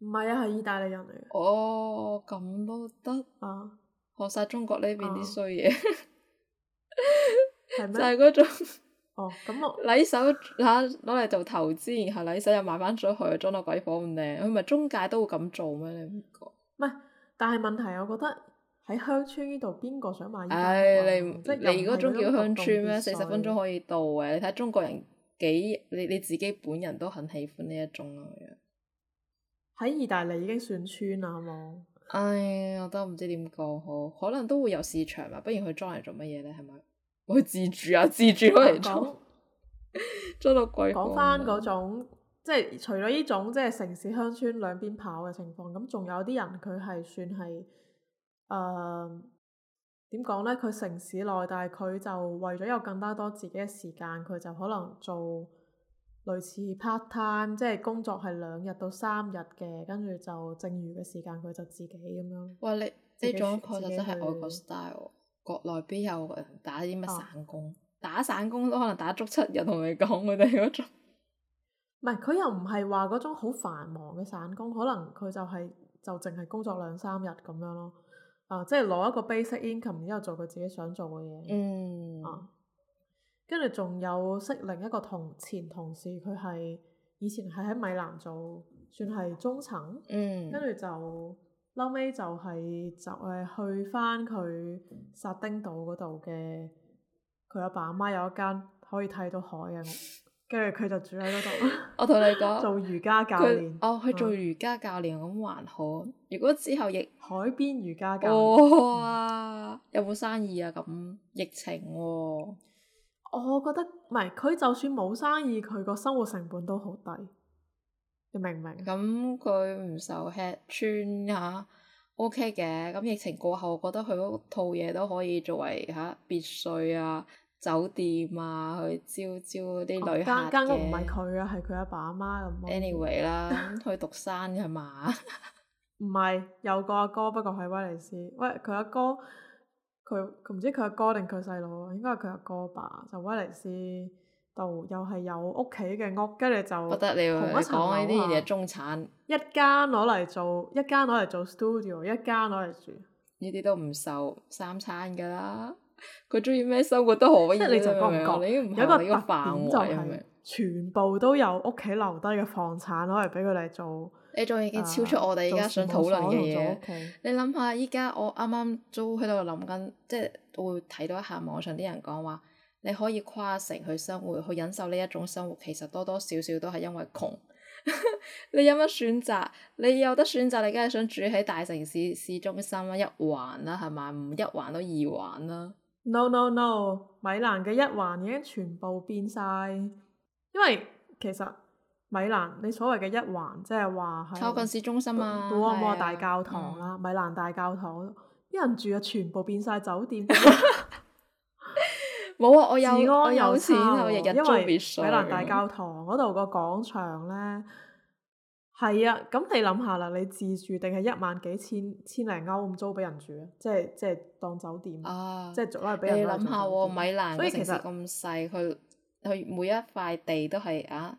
唔係啊，係意大利人嚟。哦，咁都得啊！學晒中國呢邊啲衰嘢，就係嗰種。哦，咁我攞手攞攞嚟做投資，然後攞手又買翻咗去，裝到鬼火咁靚，佢咪中介都會咁做咩？你唔覺？唔係，但係問題，我覺得喺鄉村呢度，邊個想買個？唉、哎，你即你嗰種叫鄉村咩？四十分鐘可以到嘅，嗯、你睇中國人幾你你自己本人都很喜歡呢一種咯。喺意大利已經算村啦，好冇？唉、哎，我都唔知點講好，可能都會有市場嘛。不如佢裝嚟做乜嘢咧？係咪？去自住啊，自住可以充，充說 <laughs> 到貴。講翻嗰種，即、就、係、是、除咗呢種，即、就、係、是、城市鄉村兩邊跑嘅情況，咁仲有啲人佢係算係，誒、呃，點講呢？佢城市內，但係佢就為咗有更加多自己嘅時間，佢就可能做類似 part time，即係工作係兩日到三日嘅，跟住就剩餘嘅時間佢就自己咁樣。哇，你呢種確實真係外國 style。 <laughs> 國內邊有打啲乜散工？啊、打散工都可能打足七日同你講，佢哋嗰種，唔係佢又唔係話嗰種好繁忙嘅散工，可能佢就係、是、就淨係工作兩三日咁樣咯。啊，即係攞一個 basic income，然之後做佢自己想做嘅嘢。嗯。啊，跟住仲有識另一個同前同事，佢係以前係喺米蘭做，算係中層。嗯。跟住就。嬲尾就係、是、就係、是、去翻佢薩丁島嗰度嘅，佢阿爸阿媽有一間可以睇到海嘅屋，跟住佢就住喺嗰度。 <laughs> 我同你講，做瑜伽教練。哦，去做瑜伽教練咁、嗯、還好。如果之後亦，海邊瑜伽教，哇，有冇生意啊？咁疫情、啊，我覺得唔係佢就算冇生意，佢個生活成本都好低。你明唔明？咁佢唔愁吃穿下、啊、OK 嘅。咁、嗯、疫情過後，我覺得佢嗰套嘢，都可以作為吓別、啊、墅啊、酒店啊去招招嗰啲旅客嘅。間屋唔係佢啊，係佢阿爸阿媽咁。嗯、anyway 啦，佢獨生係嘛？唔 <laughs> 係有個阿哥，哥，不過係威尼斯。喂，佢阿哥，佢佢唔知佢阿哥定佢細佬，啊？應該係佢阿哥吧？就是、威尼斯。就、哦、又係有屋企嘅屋，跟住就同一層樓下。一間攞嚟做，一間攞嚟做 studio，一間攞嚟住。呢啲都唔愁三餐噶啦，佢中意咩生活都可以，明唔明？係咪有一個特點就係全部都有屋企留低嘅房產攞嚟俾佢哋做？你仲已經超出我哋而家想討論嘅嘢。Okay. 你諗下，依、就、家、是、我啱啱都喺度諗緊，即係會睇到一下網上啲人講話。你可以跨城去生活，去忍受呢一種生活，其實多多少少都係因為窮。 <laughs> 你有乜選擇？你有得選擇，你梗係想住喺大城市市中心啦，啊，一環啦、啊，係嘛？唔一環都二環啦、啊。No no no！米蘭嘅一環已經全部變晒，因為其實米蘭你所謂嘅一環，即係話係靠近市中心啊，杜奧莫大教堂啦、啊，嗯、米蘭大教堂，啲人住啊全部變晒酒店。 <laughs> 冇啊！我有，有我有錢啊！日日住別墅。米蘭大教堂嗰度個廣場呢，係啊！咁、啊、你諗下啦，你自住定係一萬幾千千零歐咁租俾人住啊？即係即係當酒店啊！即係攞嚟俾人。你諗下喎，米蘭個城市咁細，佢佢每一塊地都係啊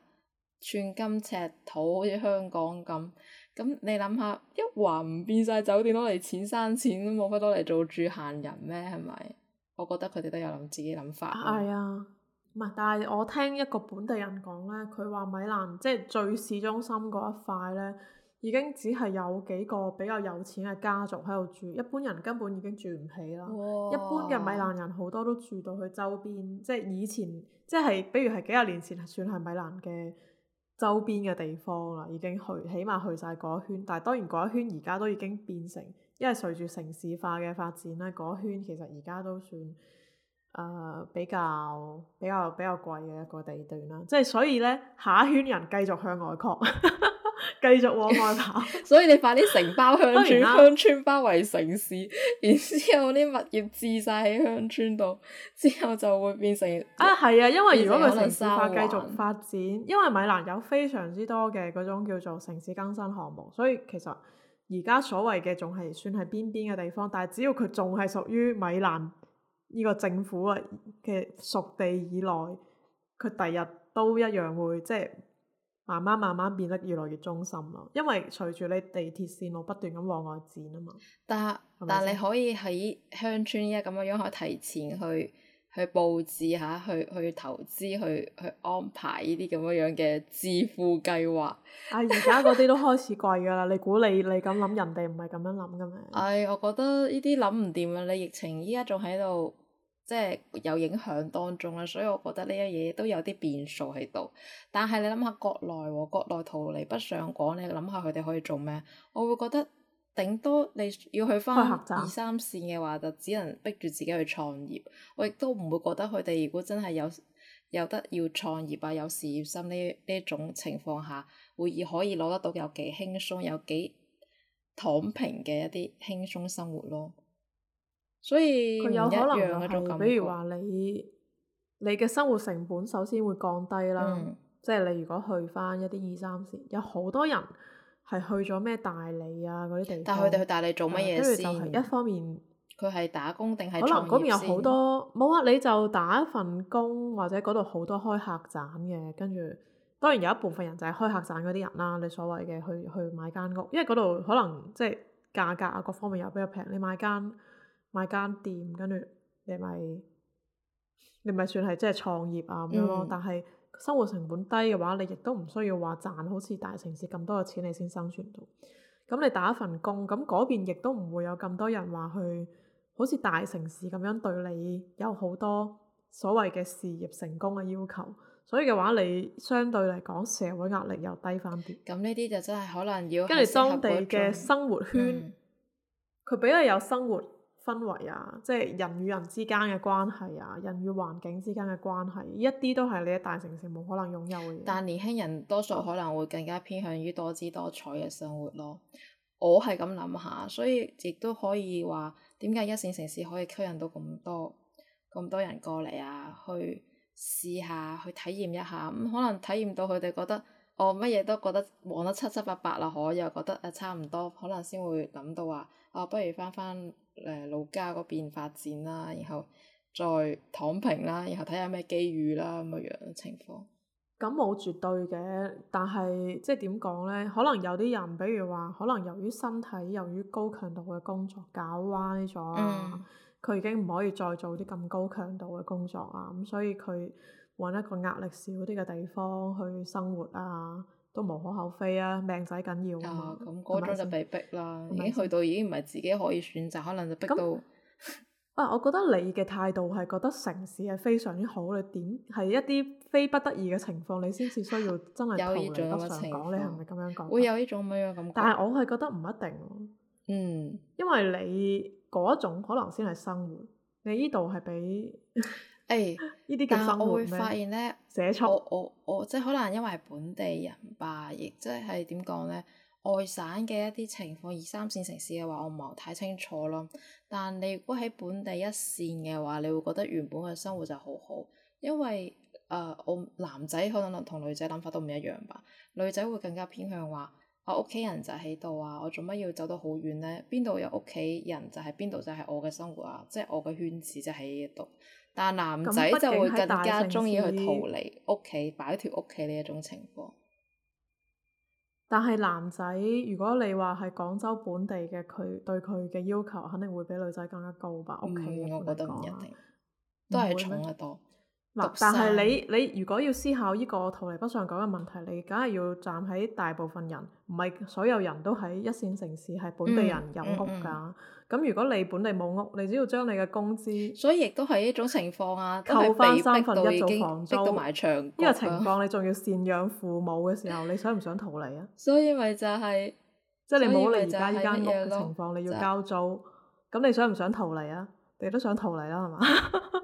寸金尺土，好似香港咁。咁你諗下一環唔變晒酒店攞嚟錢生錢，冇乜攞嚟做住閒人咩？係咪？我覺得佢哋都有諗自己諗法。係啊，唔係，但係我聽一個本地人講呢，佢話米蘭即係最市中心嗰一塊呢已經只係有幾個比較有錢嘅家族喺度住，一般人根本已經住唔起啦。哇一般嘅米蘭人好多都住到去周邊，即係以前即係比如係幾廿年前算係米蘭嘅周邊嘅地方啦，已經去起碼去晒嗰一圈。但係當然嗰一圈而家都已經變成。因為隨住城市化嘅發展呢，嗰圈其實而家都算誒、呃、比較比較比較貴嘅一個地段啦。即係所以呢，下一圈人繼續向外擴， <laughs> 繼續往外跑。 <laughs> 所以你快啲承包鄉村，鄉村包圍城市，然之後啲物業置晒喺鄉村度，之後就會變成啊係啊，因為如果佢城市化繼續發展， <laughs> 因為米蘭有非常之多嘅嗰種叫做城市更新項目，所以其實。而家所謂嘅仲係算係邊邊嘅地方，但係只要佢仲係屬於米蘭呢個政府啊嘅屬地以內，佢第日都一樣會即係慢慢慢慢變得越來越中心咯，因為隨住你地鐵線路不斷咁往外展啊嘛。但吧但你可以喺鄉村依家咁樣咁樣，可以提前去。去佈置下，去去投資，去去安排呢啲咁樣樣嘅致富計劃。啊，而家嗰啲都開始貴噶啦！ <laughs> 你估你你咁諗，人哋唔係咁樣諗嘅咩？唉、哎，我覺得呢啲諗唔掂啊！你疫情依家仲喺度，即係有影響當中啦，所以我覺得呢一嘢都有啲變數喺度。但係你諗下國內和國內逃離北上廣，你諗下佢哋可以做咩？我會覺得。頂多你要去返二三線嘅話，就只能逼住自己去創業。我亦都唔會覺得佢哋如果真係有有得要創業啊，有事業心呢呢種情況下，會而可以攞得到有幾輕鬆，有幾躺平嘅一啲輕鬆生活咯。所以佢有可能，比如話你你嘅生活成本首先會降低啦。嗯，即係你如果去返一啲二三線，有好多人。係去咗咩大理啊嗰啲地方？但係佢哋去大理做乜嘢先？跟住就係一方面，佢係、嗯、打工定係可能嗰邊有好多冇啊？你就打一份工，或者嗰度好多開客棧嘅。跟住當然有一部分人就係開客棧嗰啲人啦，你所謂嘅去去買間屋，因為嗰度可能即係、就是、價格啊各方面又比較平，你買間買間店，跟住你咪你咪算係即係創業啊咁樣咯。嗯、但係。生活成本低嘅話，你亦都唔需要話賺好似大城市咁多嘅錢，你先生存到。咁你打一份工，咁嗰邊亦都唔會有咁多人話去，好似大城市咁樣對你有好多所謂嘅事業成功嘅要求。所以嘅話，你相對嚟講社會壓力又低翻啲。咁呢啲就真係可能要跟住當地嘅生活圈，佢、嗯、比較有生活氛圍啊，即係人與人之間嘅關係啊，人與環境之間嘅關係，一啲都係你喺大城市冇可能擁有嘅。但年輕人多數可能會更加偏向於多姿多彩嘅生活咯。我係咁諗下，所以亦都可以話點解一線城市可以吸引到咁多咁多人過嚟啊？去試下去體驗一下咁，可能體驗到佢哋覺得我乜嘢都覺得望得七七八八啦，可又覺得誒、啊、差唔多，可能先會諗到話，我、啊、不如翻翻。誒，老家嗰邊發展啦，然後再躺平啦，然後睇下咩機遇啦，咁嘅樣情況。咁冇、嗯、絕對嘅，但係即係點講呢？可能有啲人，比如話可能由於身體由於高強度嘅工作搞歪咗，佢、嗯、已經唔可以再做啲咁高強度嘅工作啦。咁所以佢搵一個壓力少啲嘅地方去生活啊。都無可厚非啊，命仔緊要啊！嘛、嗯。咁嗰種就被逼啦，嗯、已經去到已經唔係自己可以選擇，可能就逼到。那 <laughs> 啊，我覺得你嘅態度係覺得城市係非常之好，你點係一啲非不得已嘅情況，你先至需要真係逃離不常講，你係咪咁樣講？會有呢種咁樣感覺。但係我係覺得唔一定。嗯，因為你嗰種可能先係生活，你呢度係比。 <laughs> 呢啲、哎、但係我會發現咧，寫錯，我我我即係可能因為本地人吧，亦即係點講咧？外省嘅一啲情況，二三線城市嘅話，我唔係太清楚咯。但你如果喺本地一線嘅話，你會覺得原本嘅生活就好好，因為誒、呃，我男仔可能同女仔諗法都唔一樣吧。女仔會更加偏向話，我屋企人就喺度啊！我做乜要走到好遠咧？邊度有屋企人就係邊度，就係我嘅生活啊！即係我嘅圈子就喺度。但係男仔就會更加中意去逃離屋企，擺脫屋企呢一種情況。但係男仔，如果你話係廣州本地嘅佢對佢嘅要求，肯定會比女仔更加高吧？屋企我覺得唔一定都係重得多。嗱，但係你你如果要思考呢個逃離北上廣嘅問題，你梗係要站喺大部分人，唔係所有人都喺一線城市係本地人有屋噶。咁、嗯嗯嗯、如果你本地冇屋，你只要將你嘅工資，所以亦都係一種情況啊，扣翻三分一做房租。呢個情況你仲要贍養父母嘅時候，嗯、你想唔想逃離啊？所以咪就係、是，即係你冇你而家呢間屋嘅情況，就是、你要交租，咁、就是、你想唔想逃離啊？你都想逃離啦、啊，係嘛？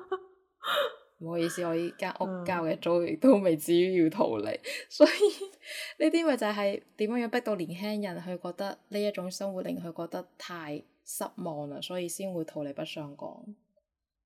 <laughs> 唔好意思，我依家屋教嘅租亦都未至於要逃離，嗯、所以呢啲咪就係點樣樣逼到年輕人，去覺得呢一種生活令佢覺得太失望啦，所以先會逃離北上廣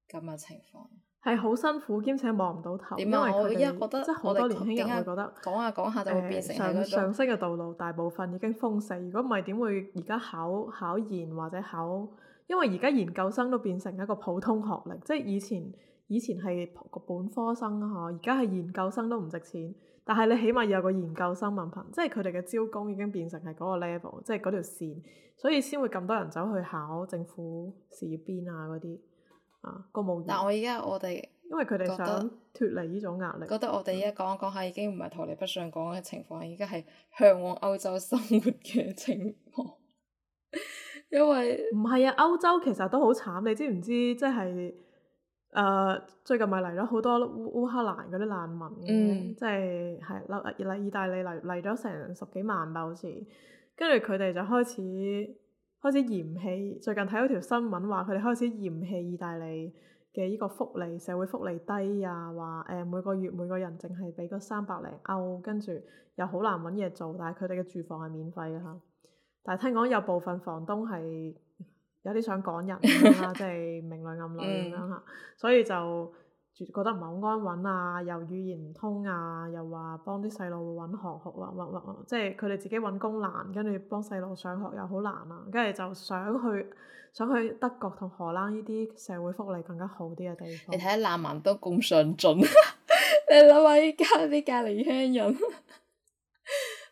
咁嘅情況。係好辛苦兼且望唔到頭。點啊？佢依家覺得，即係好多年輕人會覺得講下講下就會變成係嗰、呃、上升嘅道路，大部分已經封死。如果唔係點會而家考考研或者考？因為而家研究生都變成一個普通學歷，即係以前。以前係個本科生啊，而家係研究生都唔值錢。但係你起碼有個研究生文憑，即係佢哋嘅招工已經變成係嗰個 level，即係嗰條線，所以先會咁多人走去考政府事業編啊嗰啲啊個無。但我而家我哋因為佢哋想脫離呢種壓力，覺得我哋而家講講下已經唔係逃離北上廣嘅情況，而家係向往歐洲生活嘅情況。因為唔係為啊，歐洲其實都好慘，你知唔知？即係。誒、uh, 最近咪嚟咗好多烏烏克蘭嗰啲難民嘅，嗯、即係係嚟嚟意大利嚟嚟咗成十幾萬吧，好似，跟住佢哋就開始開始嫌棄，最近睇到條新聞話佢哋開始嫌棄意大利嘅呢個福利，社會福利低啊，話誒、呃、每個月每個人淨係俾嗰三百零歐，跟住又好難搵嘢做，但係佢哋嘅住房係免費㗎吓，但係聽講有部分房東係。有啲想趕人咁啦，即係明裏暗裏咁樣嚇，所以 <laughs> 就覺得唔係好安穩啊，又語言唔通啊，又話幫啲細路揾學學啦，揾揾揾，即係佢哋自己揾工難，跟住幫細路上學又好難啊，跟住就想去想去德國同荷蘭呢啲社會福利更加好啲嘅地方。你睇啲難民都咁上進， <laughs> 你諗下依家啲隔離鄉人，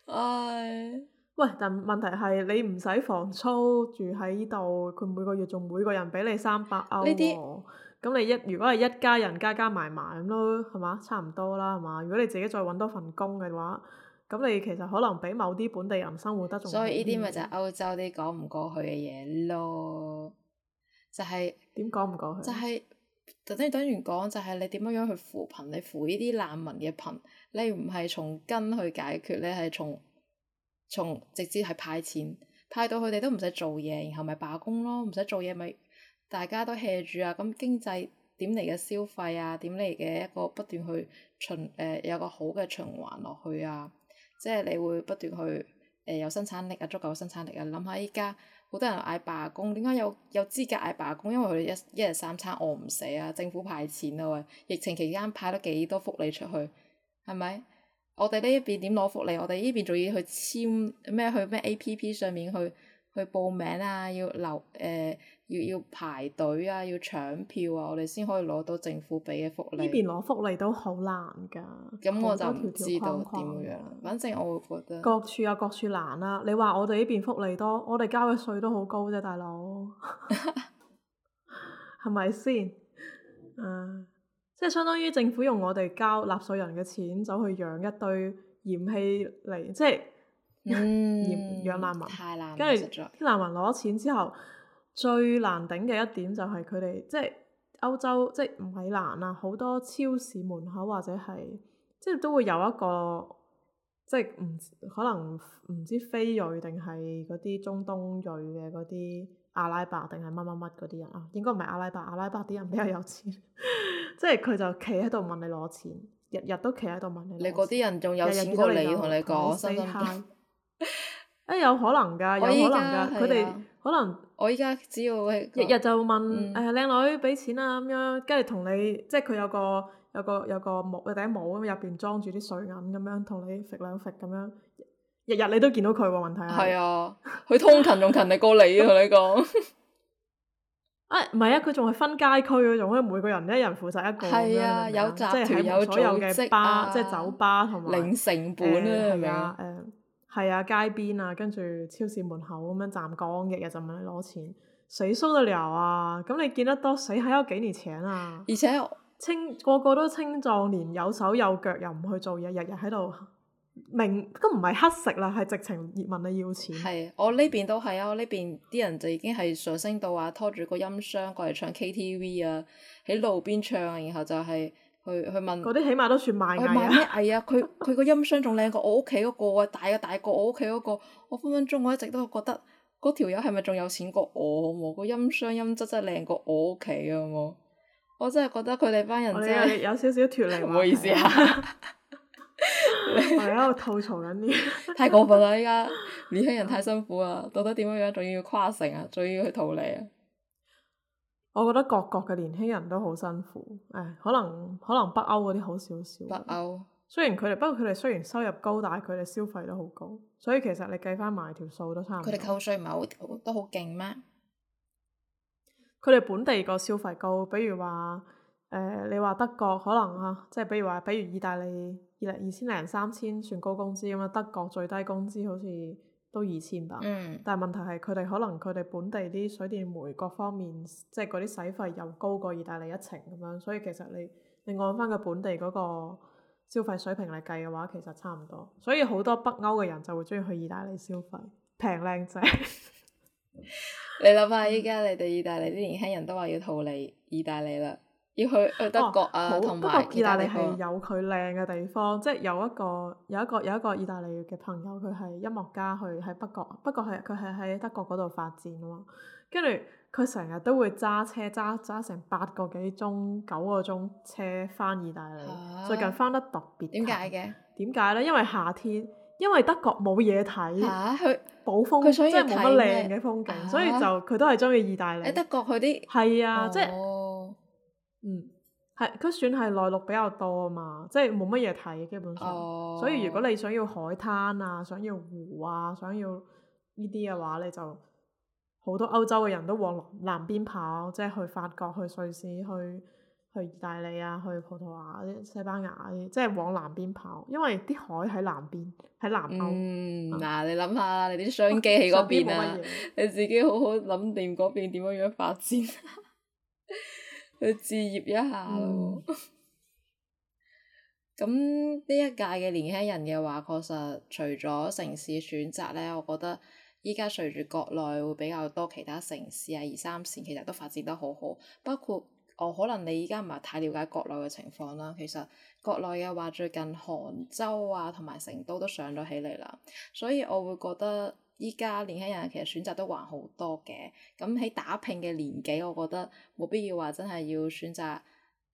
唉 <laughs> ～、哎喂，但問題係你唔使房租住喺呢度，佢每個月仲每個人俾你三百歐喎。咁些你一如果係一家人加加埋埋咁咯，係嘛？差唔多啦，係嘛？如果你自己再揾多份工嘅話，咁你其實可能比某啲本地人生活得仲。所以呢啲咪就係歐洲啲講唔過去嘅嘢咯，就係點講唔過去？就係、是，頭先等於講就係你點樣樣去扶貧？你扶呢啲難民嘅貧，你唔係從根去解決，你係從。從直接係派錢，派到佢哋都唔使做嘢，然後咪罷工咯，唔使做嘢咪大家都 hea 住啊！咁經濟點嚟嘅消費啊，點嚟嘅一個不斷去循誒、呃、有個好嘅循環落去啊！即係你會不斷去誒、呃、有生產力啊，足夠嘅生產力啊！諗下依家好多人嗌罷工，點解有有資格嗌罷工？因為佢哋一一日三餐餓唔死啊！政府派錢啊喂，疫情期間派咗幾多福利出去，係咪？我哋呢邊點攞福利？我哋呢邊仲要去簽咩？去咩 A P P 上面去去報名啊？要留誒、呃，要要排隊啊，要搶票啊，我哋先可以攞到政府俾嘅福利。呢邊攞福利都好難㗎，好多條條框框。反正我覺得，各處有各處難啦，啊。你話我哋呢邊福利多，我哋交嘅稅都好高啫、啊，大佬。係咪先？啊、uh！即係相當於政府用我哋交納稅人嘅錢，走去養一堆嫌氣嚟，即係嫌養難民。跟住啲難民攞咗錢之後，在最難頂嘅一點就係佢哋即係歐洲，即係米蘭啊，好多超市門口或者係即係都會有一個即係唔可能唔知非裔定係嗰啲中東裔嘅嗰啲。阿拉伯定係乜乜乜嗰啲人啊？應該唔係阿拉伯，阿拉伯啲人比較有錢， <laughs> 即係佢就企喺度問你攞錢，日日都企喺度問你攞錢。你嗰啲人仲有錢過你，同你講，真心，心。誒有可能㗎，有可能㗎，佢哋可能。我依家只要日日就問誒靚、嗯哎、女俾錢啊咁樣，樣，跟住同你即係佢有個有個有個帽有頂帽咁入邊裝住啲水銀咁樣，同你揈兩揈咁樣。日日你都見到佢喎，問題係，佢、啊、通勤仲勤力過你， <laughs> 你、哎、啊！你講，啊，唔係啊，佢仲係分街區嗰種，每個人一人負責一個咁係啊，有集團有所有嘅吧，啊、即係酒吧同埋零成本、哎、啊。係咪啊？誒、哎，係啊，街邊啊，跟住超市門口咁樣站崗，日日就咁樣攞錢，死蘇得流啊！咁你見得多，死喺度幾年前啊？而且青個個都青壯年，有手有腳，又唔去做嘢，日日喺度。明都唔係乞食啦，係直情問你要錢。係，我呢邊都係啊！我呢邊啲人就已經係上升到話拖住個音箱過嚟唱 KTV 啊，喺路邊唱，然後就係去去問。嗰啲起碼都算賣藝啊！賣咩藝啊，佢佢 <laughs> 個音箱仲靚過我屋企嗰個啊，大啊大過我屋企嗰個。我分分鐘我一直都覺得嗰條友係咪仲有錢過我？好冇、個音箱音質真係靚過我屋企啊！好冇。我真係覺得佢哋班人真係有少少脫離，唔好意思啊。我喺度吐槽緊啲， <laughs> <laughs> 太過分啦！而家 <laughs> 年輕人太辛苦啦， <laughs> 到底點樣樣？仲要跨城啊，仲要去逃離啊！我覺得各國嘅年輕人都好辛苦，誒，可能可能北歐嗰啲好少少。北歐雖然佢哋，不過佢哋雖然收入高，但係佢哋消費都好高，所以其實你計返埋條數都差唔多。佢哋扣稅唔係好都好勁咩？佢哋本地個消費高，比如話。誒、呃，你話德國可能吓、啊，即係比如話，比如意大利二，二千零三千算高工資咁啊。德國最低工資好似都二千吧。嗯、但係問題係佢哋可能佢哋本地啲水電煤各方面，即係嗰啲使費又高過意大利一程咁樣，所以其實你你按翻佢本地嗰個消費水平嚟計嘅話，其實差唔多。所以好多北歐嘅人就會中意去意大利消費，平靚仔 <laughs> 。你諗下，依家你哋意大利啲年輕人都話要逃離意大利啦。要去德國啊，同埋、哦、意大利。有佢靚嘅地方，即係有一個有一個有一個意大利嘅朋友，佢係音樂家去，去喺德國，不過佢佢係喺德國嗰度發展啊嘛。跟住佢成日都會揸車揸揸成八個幾鐘九個鐘車翻意大利。啊、最近翻得特別快。點解嘅？點解呢？因為夏天，因為德國冇嘢睇。嚇、啊！佢。風即係冇乜靚嘅風景，啊、所以就佢都係中意意大利。喺德國佢啲。係啊，即、哦、係。嗯，係，佢算係內陸比較多啊嘛，即係冇乜嘢睇，基本上。Oh. 所以如果你想要海灘啊，想要湖啊，想要呢啲嘅話，你就好多歐洲嘅人都往南邊跑，即係去法國、去瑞士、去去意大利啊、去葡萄牙、西班牙，即係往南邊跑，因為啲海喺南邊，喺南歐。嗯，嗱，你諗下你啲相機喺嗰邊啊，邊啊邊你自己好好諗掂嗰邊點樣樣發展。 <laughs> 去置業一下咯。咁呢、mm. <laughs> 一屆嘅年輕人嘅話，確實除咗城市選擇呢，我覺得依家隨住國內會比較多其他城市啊，二三線其實都發展得好好。包括我、哦、可能你依家唔係太了解國內嘅情況啦，其實國內嘅話最近杭州啊同埋成都都上咗起嚟啦，所以我會覺得。依家年輕人其實選擇都還好多嘅，咁喺打拼嘅年紀，我覺得冇必要話真係要選擇，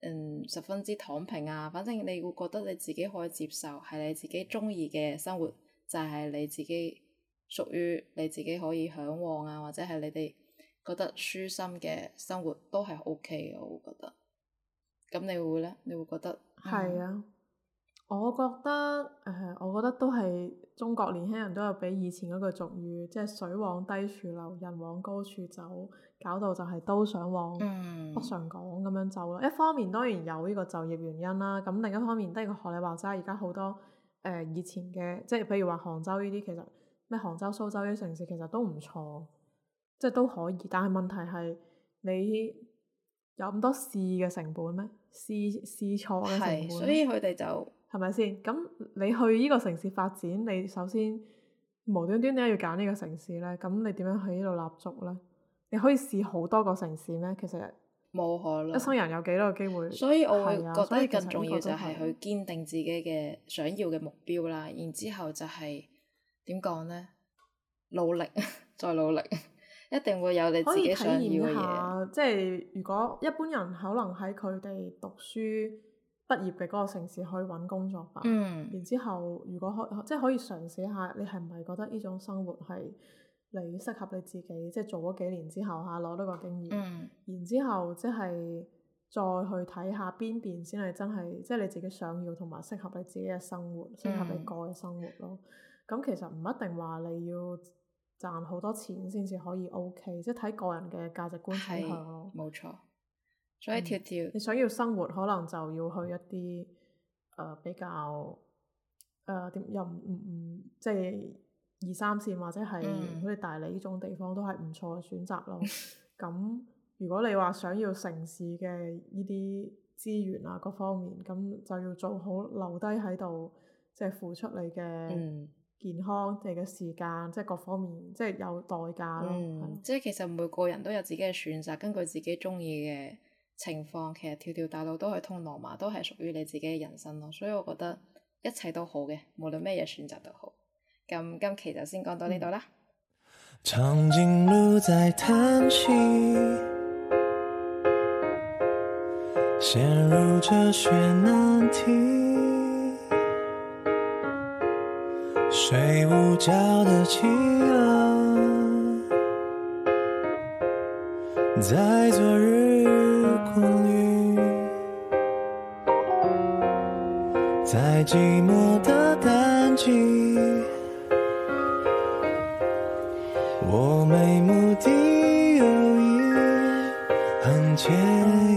嗯十分之躺平啊。反正你會覺得你自己可以接受，係你自己中意嘅生活，就係、是、你自己屬於你自己可以嚮往啊，或者係你哋覺得舒心嘅生活都係 O K 嘅，我會覺得。咁你會咧？你會覺得？係啊，我覺得，誒、呃，我覺得都係。中國年輕人都有比以前嗰句俗語，即係水往低處流，人往高處走，搞到就係都想往北上廣咁樣走咯。嗯、一方面當然有呢個就業原因啦，咁另一方面都係個學你話齋，而家好多誒、呃、以前嘅，即係譬如話杭州呢啲，其實咩杭州、蘇州呢啲城市其實都唔錯，即係都可以。但係問題係你有咁多試嘅成本咩？試試錯嘅成本。係，所以佢哋就。係咪先？咁你去呢個城市發展，你首先無端端點解要揀呢個城市咧？咁你點樣去呢度立足咧？你可以試好多個城市咩？其實冇可能，一生人有幾多個機會？所以我會覺得、啊、更重要就係去堅定自己嘅想要嘅目標啦。然之後就係點講咧？努力 <laughs> 再努力，一定會有你自己想要嘅嘢。可以體驗下，即係如果一般人可能喺佢哋讀書。畢業嘅嗰個城市可以揾工作吧，嗯、然之後如果可即係、就是、可以嘗試下，你係唔係覺得呢種生活係你適合你自己？即、就、係、是、做咗幾年之後嚇，攞到個經驗，嗯、然之後即係再去睇下邊邊先係真係，即、就、係、是、你自己想要同埋適合你自己嘅生活，適合你過嘅生活咯。咁、嗯、其實唔一定話你要賺好多錢先至可以 OK，即係睇個人嘅價值觀偏向咯。冇錯。所以跳跳你想要生活，可能就要去一啲誒、呃、比較誒、呃、點又唔唔、嗯嗯嗯嗯、即係二三線或者係好似大理呢種地方都係唔錯嘅選擇咯。咁 <laughs> 如果你話想要城市嘅呢啲資源啊各方面，咁就要做好留低喺度，即係付出你嘅健康、你嘅時間，即係各方面即係有代價咯。即係、嗯、是其實每個人都有自己嘅選擇，根據自己中意嘅。情況，其實條條大路都係通羅馬，都係屬於你自己嘅人生咯，所以我覺得一切都好嘅，無論咩嘢選擇都好。咁今期就先講到呢度啦。長頸鹿、嗯、在嘆息，陷入這血難停睡不著的在寂寞的淡季，我沒目的而已，很愜意，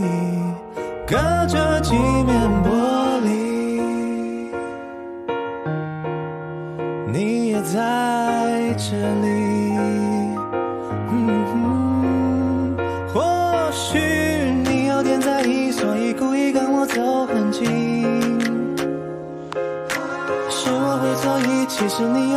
隔着幾面玻璃，你也在這裏。